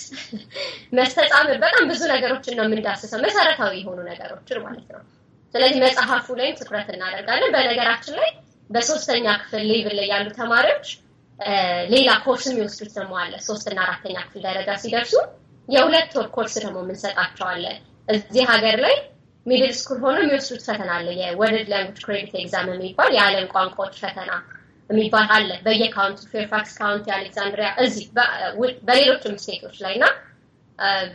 መስተጻምር፣ በጣም ብዙ ነገሮችን ነው የምንዳስሰው መሰረታዊ የሆኑ ነገሮችን ማለት ነው። ስለዚህ መጽሐፉ ላይም ትኩረት እናደርጋለን። በነገራችን ላይ በሶስተኛ ክፍል ሌቭል ላይ ያሉ ተማሪዎች ሌላ ኮርስ የሚወስዱት ደግሞ አለ። ሶስትና አራተኛ ክፍል ደረጃ ሲደርሱ የሁለት ወር ኮርስ ደግሞ የምንሰጣቸዋለን እዚህ ሀገር ላይ ሚድል ስኩል ሆኖ የሚወስዱት ፈተና አለ። የወርልድ ላንጉጅ ክሬዲት ኤግዛም የሚባል የዓለም ቋንቋዎች ፈተና የሚባል አለ። በየካውንቲ ፌርፋክስ ካውንቲ፣ አሌክዛንድሪያ፣ እዚህ በሌሎችም ስቴቶች ላይ እና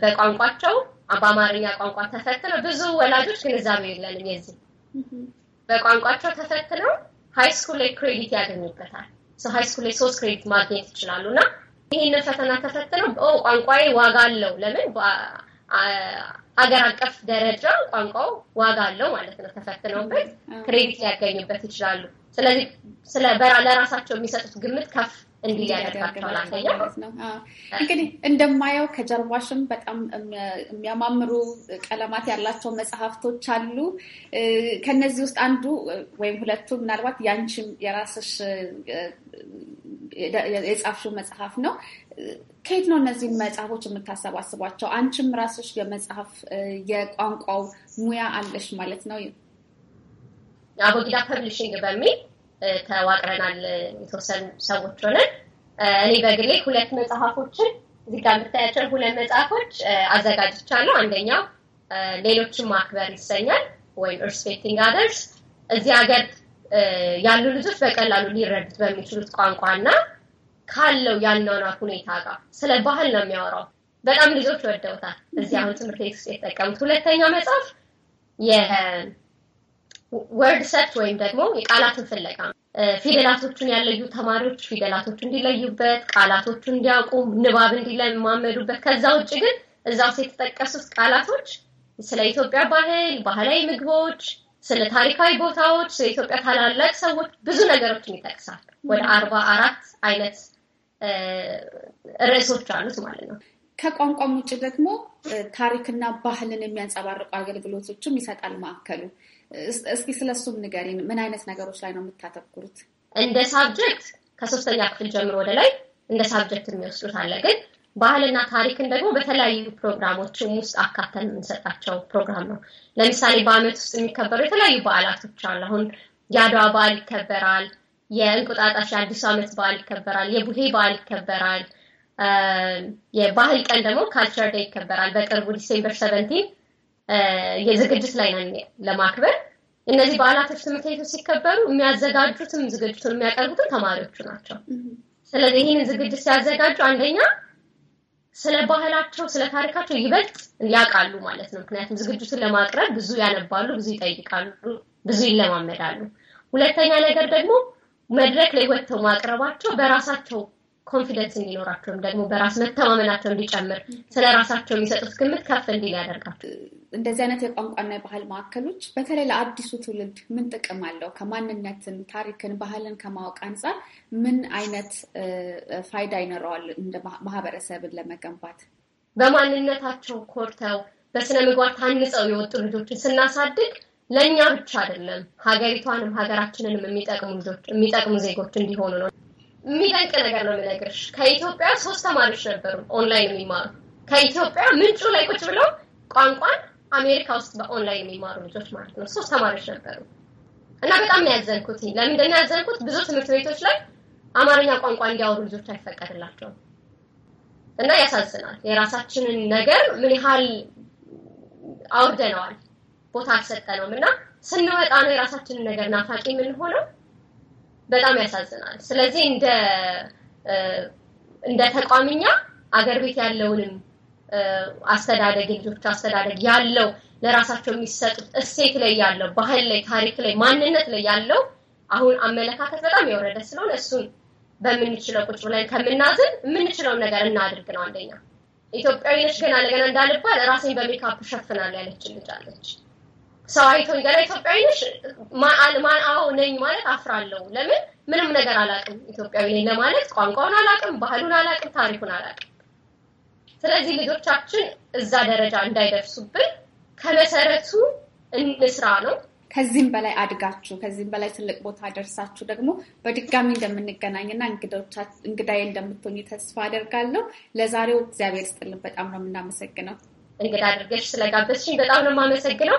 በቋንቋቸው በአማርኛ ቋንቋ ተፈትነው ብዙ ወላጆች ግንዛቤ የለንም የዚህ በቋንቋቸው ተፈትነው ሃይ ስኩል ላይ ክሬዲት ያገኙበታል። ሃይ ስኩል ላይ ሶስት ክሬዲት ማግኘት ይችላሉ እና ይህንን ፈተና ተፈትነው ቋንቋዬ ዋጋ አለው ለምን አገር አቀፍ ደረጃ ቋንቋው ዋጋ አለው ማለት ነው። ተፈትነውበት ክሬዲት ሊያገኙበት ይችላሉ። ስለዚህ ለራሳቸው የሚሰጡት ግምት ከፍ እንግዲህ እንደማየው ከጀርባሽም በጣም የሚያማምሩ ቀለማት ያላቸው መጽሐፍቶች አሉ። ከነዚህ ውስጥ አንዱ ወይም ሁለቱ ምናልባት ያንቺም የራስሽ የጻፍሽው መጽሐፍ ነው። ከየት ነው እነዚህን መጽሐፎች የምታሰባስቧቸው? አንቺም ራስሽ የመጽሐፍ የቋንቋው ሙያ አለሽ ማለት ነው። አቦጊዳ ፐብሊሽንግ በሚል ተዋቅረናል። የተወሰኑ ሰዎች ሆነን እኔ በግሌ ሁለት መጽሐፎችን እዚህ ጋር የምታያቸው ሁለት መጽሐፎች አዘጋጅቻለሁ። አንደኛው ሌሎችን ማክበር ይሰኛል፣ ወይም ሪስፔክቲንግ አደርስ እዚህ ሀገር ያሉ ልጆች በቀላሉ ሊረዱት በሚችሉት ቋንቋና ካለው ያኗኗር ሁኔታ ጋር ስለ ባህል ነው የሚያወራው። በጣም ልጆች ወደውታል። እዚህ አሁን ትምህርት ቤት ውስጥ የተጠቀሙት ሁለተኛ መጽሐፍ የወርድ ሰርች ወይም ደግሞ የቃላትን ፍለጋ ፊደላቶቹን ያለዩ ተማሪዎች ፊደላቶቹ እንዲለዩበት፣ ቃላቶቹ እንዲያውቁ፣ ንባብ እንዲለማመዱበት ከዛ ውጭ ግን እዛ ውስጥ የተጠቀሱት ቃላቶች ስለ ኢትዮጵያ ባህል፣ ባህላዊ ምግቦች፣ ስለ ታሪካዊ ቦታዎች፣ ስለ ኢትዮጵያ ታላላቅ ሰዎች ብዙ ነገሮችን ይጠቅሳል። ወደ አርባ አራት አይነት ርዕሶች አሉት ማለት ነው። ከቋንቋም ውጭ ደግሞ ታሪክና ባህልን የሚያንጸባርቁ አገልግሎቶችም ይሰጣል ማዕከሉ። እስኪ ስለሱም ንገሪን። ምን አይነት ነገሮች ላይ ነው የምታተኩሩት? እንደ ሳብጀክት ከሶስተኛ ክፍል ጀምሮ ወደ ላይ እንደ ሳብጀክት የሚወስዱት አለ። ግን ባህልና ታሪክን ደግሞ በተለያዩ ፕሮግራሞችም ውስጥ አካተን የምንሰጣቸው ፕሮግራም ነው። ለምሳሌ በዓመት ውስጥ የሚከበሩ የተለያዩ በዓላቶች አሉ። አሁን የአድዋ በዓል ይከበራል። የእንቁጣጣሽ የአዲሱ ዓመት በዓል ይከበራል። የቡሄ በዓል ይከበራል። የባህል ቀን ደግሞ ካልቸር ዴይ ይከበራል። በቅርቡ ዲሴምበር ሰቨንቲን የዝግጅት ላይ ነው ለማክበር። እነዚህ በዓላቶች ትምህርት ቤቶች ሲከበሩ የሚያዘጋጁትም ዝግጅቱን የሚያቀርቡትም ተማሪዎቹ ናቸው። ስለዚህ ይህንን ዝግጅት ሲያዘጋጁ አንደኛ ስለ ባህላቸው፣ ስለ ታሪካቸው ይበልጥ ያውቃሉ ማለት ነው። ምክንያቱም ዝግጅቱን ለማቅረብ ብዙ ያነባሉ፣ ብዙ ይጠይቃሉ፣ ብዙ ይለማመዳሉ። ሁለተኛ ነገር ደግሞ መድረክ ላይ ወጥተው ማቅረባቸው በራሳቸው ኮንፊደንስ እንዲኖራቸውም ደግሞ በራስ መተማመናቸው እንዲጨምር ስለ ራሳቸው የሚሰጡት ግምት ከፍ እንዲል ያደርጋቸው። እንደዚህ አይነት የቋንቋና የባህል ማዕከሎች በተለይ ለአዲሱ ትውልድ ምን ጥቅም አለው? ከማንነትን፣ ታሪክን፣ ባህልን ከማወቅ አንጻር ምን አይነት ፋይዳ ይኖረዋል? እንደ ማህበረሰብን ለመገንባት በማንነታቸው ኮርተው በስነ ምግባር ታንጸው የወጡ ልጆችን ስናሳድግ ለእኛ ብቻ አይደለም ሀገሪቷንም ሀገራችንንም የሚጠቅሙ ልጆች የሚጠቅሙ ዜጎች እንዲሆኑ ነው። የሚደንቅ ነገር ነው የምነግርሽ። ከኢትዮጵያ ሶስት ተማሪዎች ነበሩ ኦንላይን የሚማሩ ከኢትዮጵያ ምንጩ ላይ ቁጭ ብለው ቋንቋን አሜሪካ ውስጥ በኦንላይን የሚማሩ ልጆች ማለት ነው። ሶስት ተማሪዎች ነበሩ እና በጣም ያዘንኩት። ለምንድን ያዘንኩት? ብዙ ትምህርት ቤቶች ላይ አማርኛ ቋንቋ እንዲያወሩ ልጆች አይፈቀድላቸውም እና ያሳዝናል። የራሳችንን ነገር ምን ያህል አውርደነዋል። ቦታ አልሰጠነውም እና ስንወጣ ነው የራሳችንን ነገር ናፋቂ የምንሆነው። በጣም ያሳዝናል። ስለዚህ እንደ እንደ ተቋምኛ አገር ቤት ያለውንም አስተዳደግ ልጆች አስተዳደግ ያለው ለራሳቸው የሚሰጡት እሴት ላይ ያለው ባህል ላይ ታሪክ ላይ ማንነት ላይ ያለው አሁን አመለካከት በጣም የወረደ ስለሆነ እሱን በምንችለው ቁጭ ብለን ከምናዝን የምንችለውን ነገር እናድርግ ነው አንደኛ። ኢትዮጵያዊ ነች ገና ለገና እንዳልባል ራሴን በሜካፕ ሸፍናል ልጅ አለች። ሰው አይቶኝ ገና ኢትዮጵያዊ ነሽ አዎ ነኝ ማለት አፍራለሁ። ለምን ምንም ነገር አላውቅም። ኢትዮጵያዊ ነኝ ለማለት ቋንቋውን አላውቅም፣ ባህሉን አላውቅም፣ ታሪኩን አላውቅም። ስለዚህ ልጆቻችን እዛ ደረጃ እንዳይደርሱብን ከመሰረቱ እንስራ ነው። ከዚህም በላይ አድጋችሁ ከዚህም በላይ ትልቅ ቦታ ደርሳችሁ ደግሞ በድጋሚ እንደምንገናኝና እንግዳዬ እንደምትሆኝ ተስፋ አደርጋለሁ። ለዛሬው እግዚአብሔር ስጥልን። በጣም ነው የምናመሰግነው። እንግዳ አድርገሽ ስለጋበዝሽኝ በጣም ነው የማመሰግነው።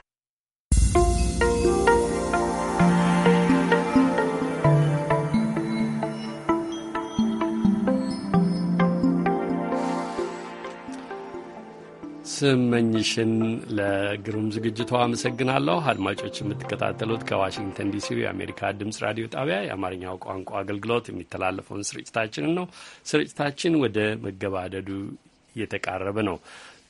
ስመኝሽን ለግሩም ዝግጅቷ አመሰግናለሁ። አድማጮች የምትከታተሉት ከዋሽንግተን ዲሲ የአሜሪካ ድምጽ ራዲዮ ጣቢያ የአማርኛው ቋንቋ አገልግሎት የሚተላለፈውን ስርጭታችንን ነው። ስርጭታችን ወደ መገባደዱ እየተቃረበ ነው።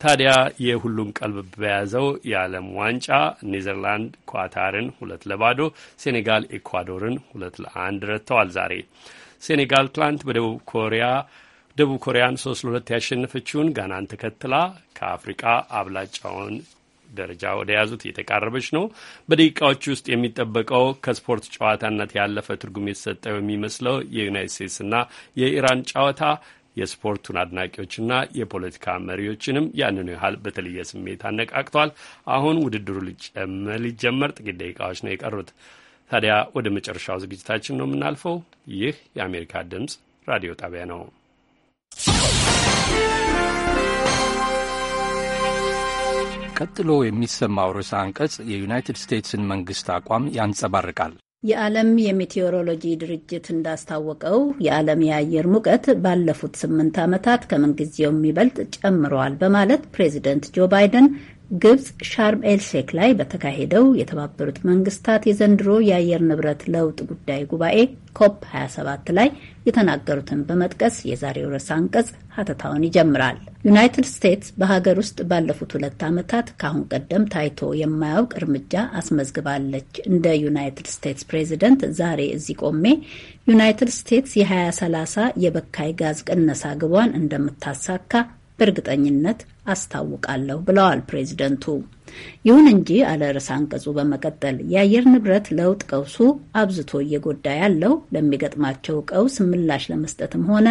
ታዲያ የሁሉም ቀልብ በያዘው የዓለም ዋንጫ ኔዘርላንድ ኳታርን ሁለት ለባዶ፣ ሴኔጋል ኤኳዶርን ሁለት ለአንድ ረትተዋል። ዛሬ ሴኔጋል ትላንት በደቡብ ኮሪያ ደቡብ ኮሪያን ሶስት ለሁለት ያሸነፈችውን ጋናን ተከትላ ከአፍሪቃ አብላጫውን ደረጃ ወደ ያዙት እየተቃረበች ነው። በደቂቃዎች ውስጥ የሚጠበቀው ከስፖርት ጨዋታነት ያለፈ ትርጉም የተሰጠው የሚመስለው የዩናይት ስቴትስና የኢራን ጨዋታ የስፖርቱን አድናቂዎችና የፖለቲካ መሪዎችንም ያንኑ ያህል በተለየ ስሜት አነቃቅቷል። አሁን ውድድሩ ሊጀመር ጥቂት ደቂቃዎች ነው የቀሩት። ታዲያ ወደ መጨረሻው ዝግጅታችን ነው የምናልፈው። ይህ የአሜሪካ ድምፅ ራዲዮ ጣቢያ ነው። ቀጥሎ የሚሰማው ርዕሰ አንቀጽ የዩናይትድ ስቴትስን መንግስት አቋም ያንጸባርቃል። የዓለም የሜቴዎሮሎጂ ድርጅት እንዳስታወቀው የዓለም የአየር ሙቀት ባለፉት ስምንት ዓመታት ከምንጊዜው የሚበልጥ ጨምረዋል በማለት ፕሬዚደንት ጆ ባይደን ግብጽ ሻርም ኤልሼክ ላይ በተካሄደው የተባበሩት መንግስታት የዘንድሮ የአየር ንብረት ለውጥ ጉዳይ ጉባኤ ኮፕ 27 ላይ የተናገሩትን በመጥቀስ የዛሬው ርዕሰ አንቀጽ ሀተታውን ይጀምራል። ዩናይትድ ስቴትስ በሀገር ውስጥ ባለፉት ሁለት ዓመታት ከአሁን ቀደም ታይቶ የማያውቅ እርምጃ አስመዝግባለች። እንደ ዩናይትድ ስቴትስ ፕሬዚደንት ዛሬ እዚህ ቆሜ ዩናይትድ ስቴትስ የ2030 የበካይ ጋዝ ቅነሳ ግቧን እንደምታሳካ በእርግጠኝነት አስታውቃለሁ ብለዋል ፕሬዚደንቱ። ይሁን እንጂ አለ ርዕሰ አንቀጹ በመቀጠል የአየር ንብረት ለውጥ ቀውሱ አብዝቶ እየጎዳ ያለው ለሚገጥማቸው ቀውስ ምላሽ ለመስጠትም ሆነ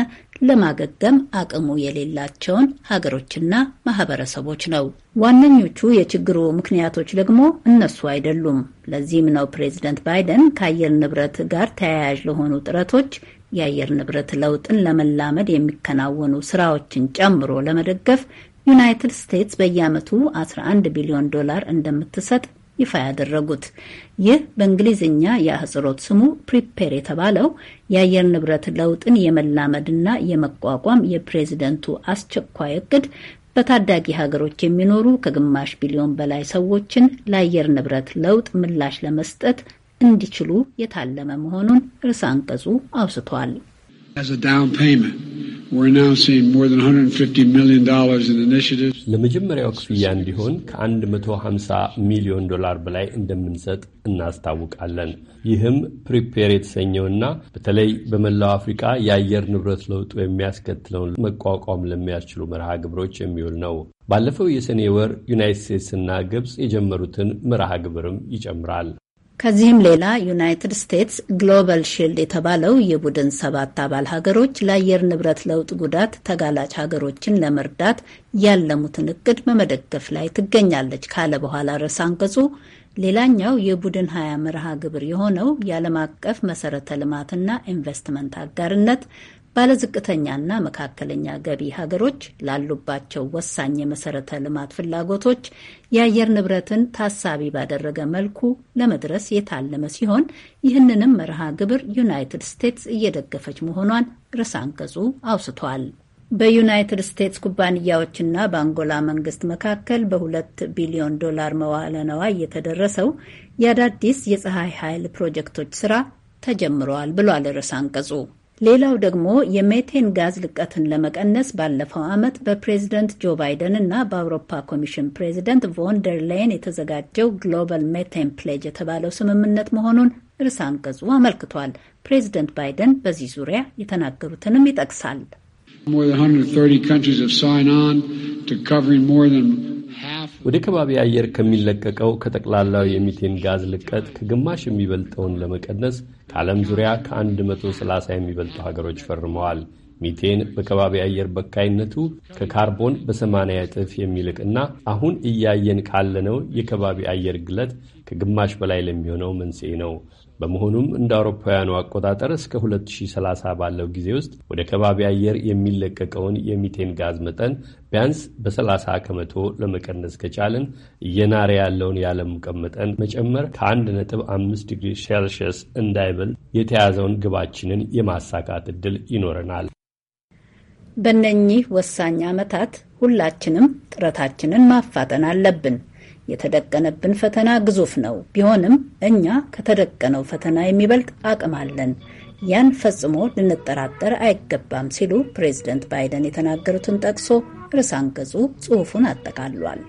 ለማገገም አቅሙ የሌላቸውን ሀገሮችና ማህበረሰቦች ነው። ዋነኞቹ የችግሩ ምክንያቶች ደግሞ እነሱ አይደሉም። ለዚህም ነው ፕሬዚደንት ባይደን ከአየር ንብረት ጋር ተያያዥ ለሆኑ ጥረቶች የአየር ንብረት ለውጥን ለመላመድ የሚከናወኑ ስራዎችን ጨምሮ ለመደገፍ ዩናይትድ ስቴትስ በየዓመቱ 11 ቢሊዮን ዶላር እንደምትሰጥ ይፋ ያደረጉት ይህ በእንግሊዝኛ የአህጽሮት ስሙ ፕሪፔር የተባለው የአየር ንብረት ለውጥን የመላመድና የመቋቋም የፕሬዚደንቱ አስቸኳይ እቅድ በታዳጊ ሀገሮች የሚኖሩ ከግማሽ ቢሊዮን በላይ ሰዎችን ለአየር ንብረት ለውጥ ምላሽ ለመስጠት እንዲችሉ የታለመ መሆኑን ርዕሰ አንቀጹ አውስቷል። ለመጀመሪያው ክፍያ እንዲሆን ከ150 ሚሊዮን ዶላር በላይ እንደምንሰጥ እናስታውቃለን። ይህም ፕሪፔር የተሰኘውና በተለይ በመላው አፍሪካ የአየር ንብረት ለውጡ የሚያስከትለውን መቋቋም ለሚያስችሉ መርሃ ግብሮች የሚውል ነው። ባለፈው የሰኔ ወር ዩናይት ስቴትስና ግብፅ የጀመሩትን መርሃ ግብርም ይጨምራል። ከዚህም ሌላ ዩናይትድ ስቴትስ ግሎባል ሺልድ የተባለው የቡድን ሰባት አባል ሀገሮች ለአየር ንብረት ለውጥ ጉዳት ተጋላጭ ሀገሮችን ለመርዳት ያለሙትን እቅድ በመደገፍ ላይ ትገኛለች ካለ በኋላ ርዕሰ አንቀጹ ሌላኛው የቡድን ሀያ መርሃ ግብር የሆነው የዓለም አቀፍ መሰረተ ልማትና ኢንቨስትመንት አጋርነት ባለዝቅተኛና መካከለኛ ገቢ ሀገሮች ላሉባቸው ወሳኝ የመሰረተ ልማት ፍላጎቶች የአየር ንብረትን ታሳቢ ባደረገ መልኩ ለመድረስ የታለመ ሲሆን ይህንንም መርሃ ግብር ዩናይትድ ስቴትስ እየደገፈች መሆኗን ርዕሰ አንቀጹ አውስቷል። በዩናይትድ ስቴትስ ኩባንያዎችና በአንጎላ መንግስት መካከል በሁለት ቢሊዮን ዶላር መዋለነዋ ንዋይ የተደረሰው የአዳዲስ የፀሐይ ኃይል ፕሮጀክቶች ስራ ተጀምረዋል ብሏል ርዕሰ አንቀጹ። ሌላው ደግሞ የሜቴን ጋዝ ልቀትን ለመቀነስ ባለፈው ዓመት በፕሬዝደንት ጆ ባይደን እና በአውሮፓ ኮሚሽን ፕሬዝደንት ቮንደር ላይን የተዘጋጀው ግሎባል ሜቴን ፕሌጅ የተባለው ስምምነት መሆኑን ርዕሰ አንቀጹ አመልክቷል። ፕሬዝደንት ባይደን በዚህ ዙሪያ የተናገሩትንም ይጠቅሳል። ወደ ከባቢ አየር ከሚለቀቀው ከጠቅላላው የሚቴን ጋዝ ልቀት ከግማሽ የሚበልጠውን ለመቀነስ ከዓለም ዙሪያ ከ130 የሚበልጡ ሀገሮች ፈርመዋል። ሚቴን በከባቢ አየር በካይነቱ ከካርቦን በሰማንያ እጥፍ የሚልቅ እና አሁን እያየን ካለነው የከባቢ አየር ግለት ከግማሽ በላይ ለሚሆነው መንስኤ ነው። በመሆኑም እንደ አውሮፓውያኑ አቆጣጠር እስከ 2030 ባለው ጊዜ ውስጥ ወደ ከባቢ አየር የሚለቀቀውን የሚቴን ጋዝ መጠን ቢያንስ በ30 ከመቶ ለመቀነስ ከቻልን እየናረ ያለውን የዓለም ሙቀት መጠን መጨመር ከ1.5 ዲግሪ ሴልሺየስ እንዳይበልጥ የተያዘውን ግባችንን የማሳካት ዕድል ይኖረናል። በእነኚህ ወሳኝ ዓመታት ሁላችንም ጥረታችንን ማፋጠን አለብን። የተደቀነብን ፈተና ግዙፍ ነው። ቢሆንም እኛ ከተደቀነው ፈተና የሚበልጥ አቅም አለን። ያን ፈጽሞ ልንጠራጠር አይገባም ሲሉ ፕሬዚደንት ባይደን የተናገሩትን ጠቅሶ ርዕሰ አንቀጹ ጽሑፉን አጠቃሏል።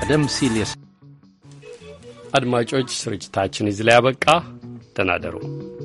ቀደም ሲል አድማጮች፣ ስርጭታችን እዚህ ላይ ያበቃ። ደህና እደሩ።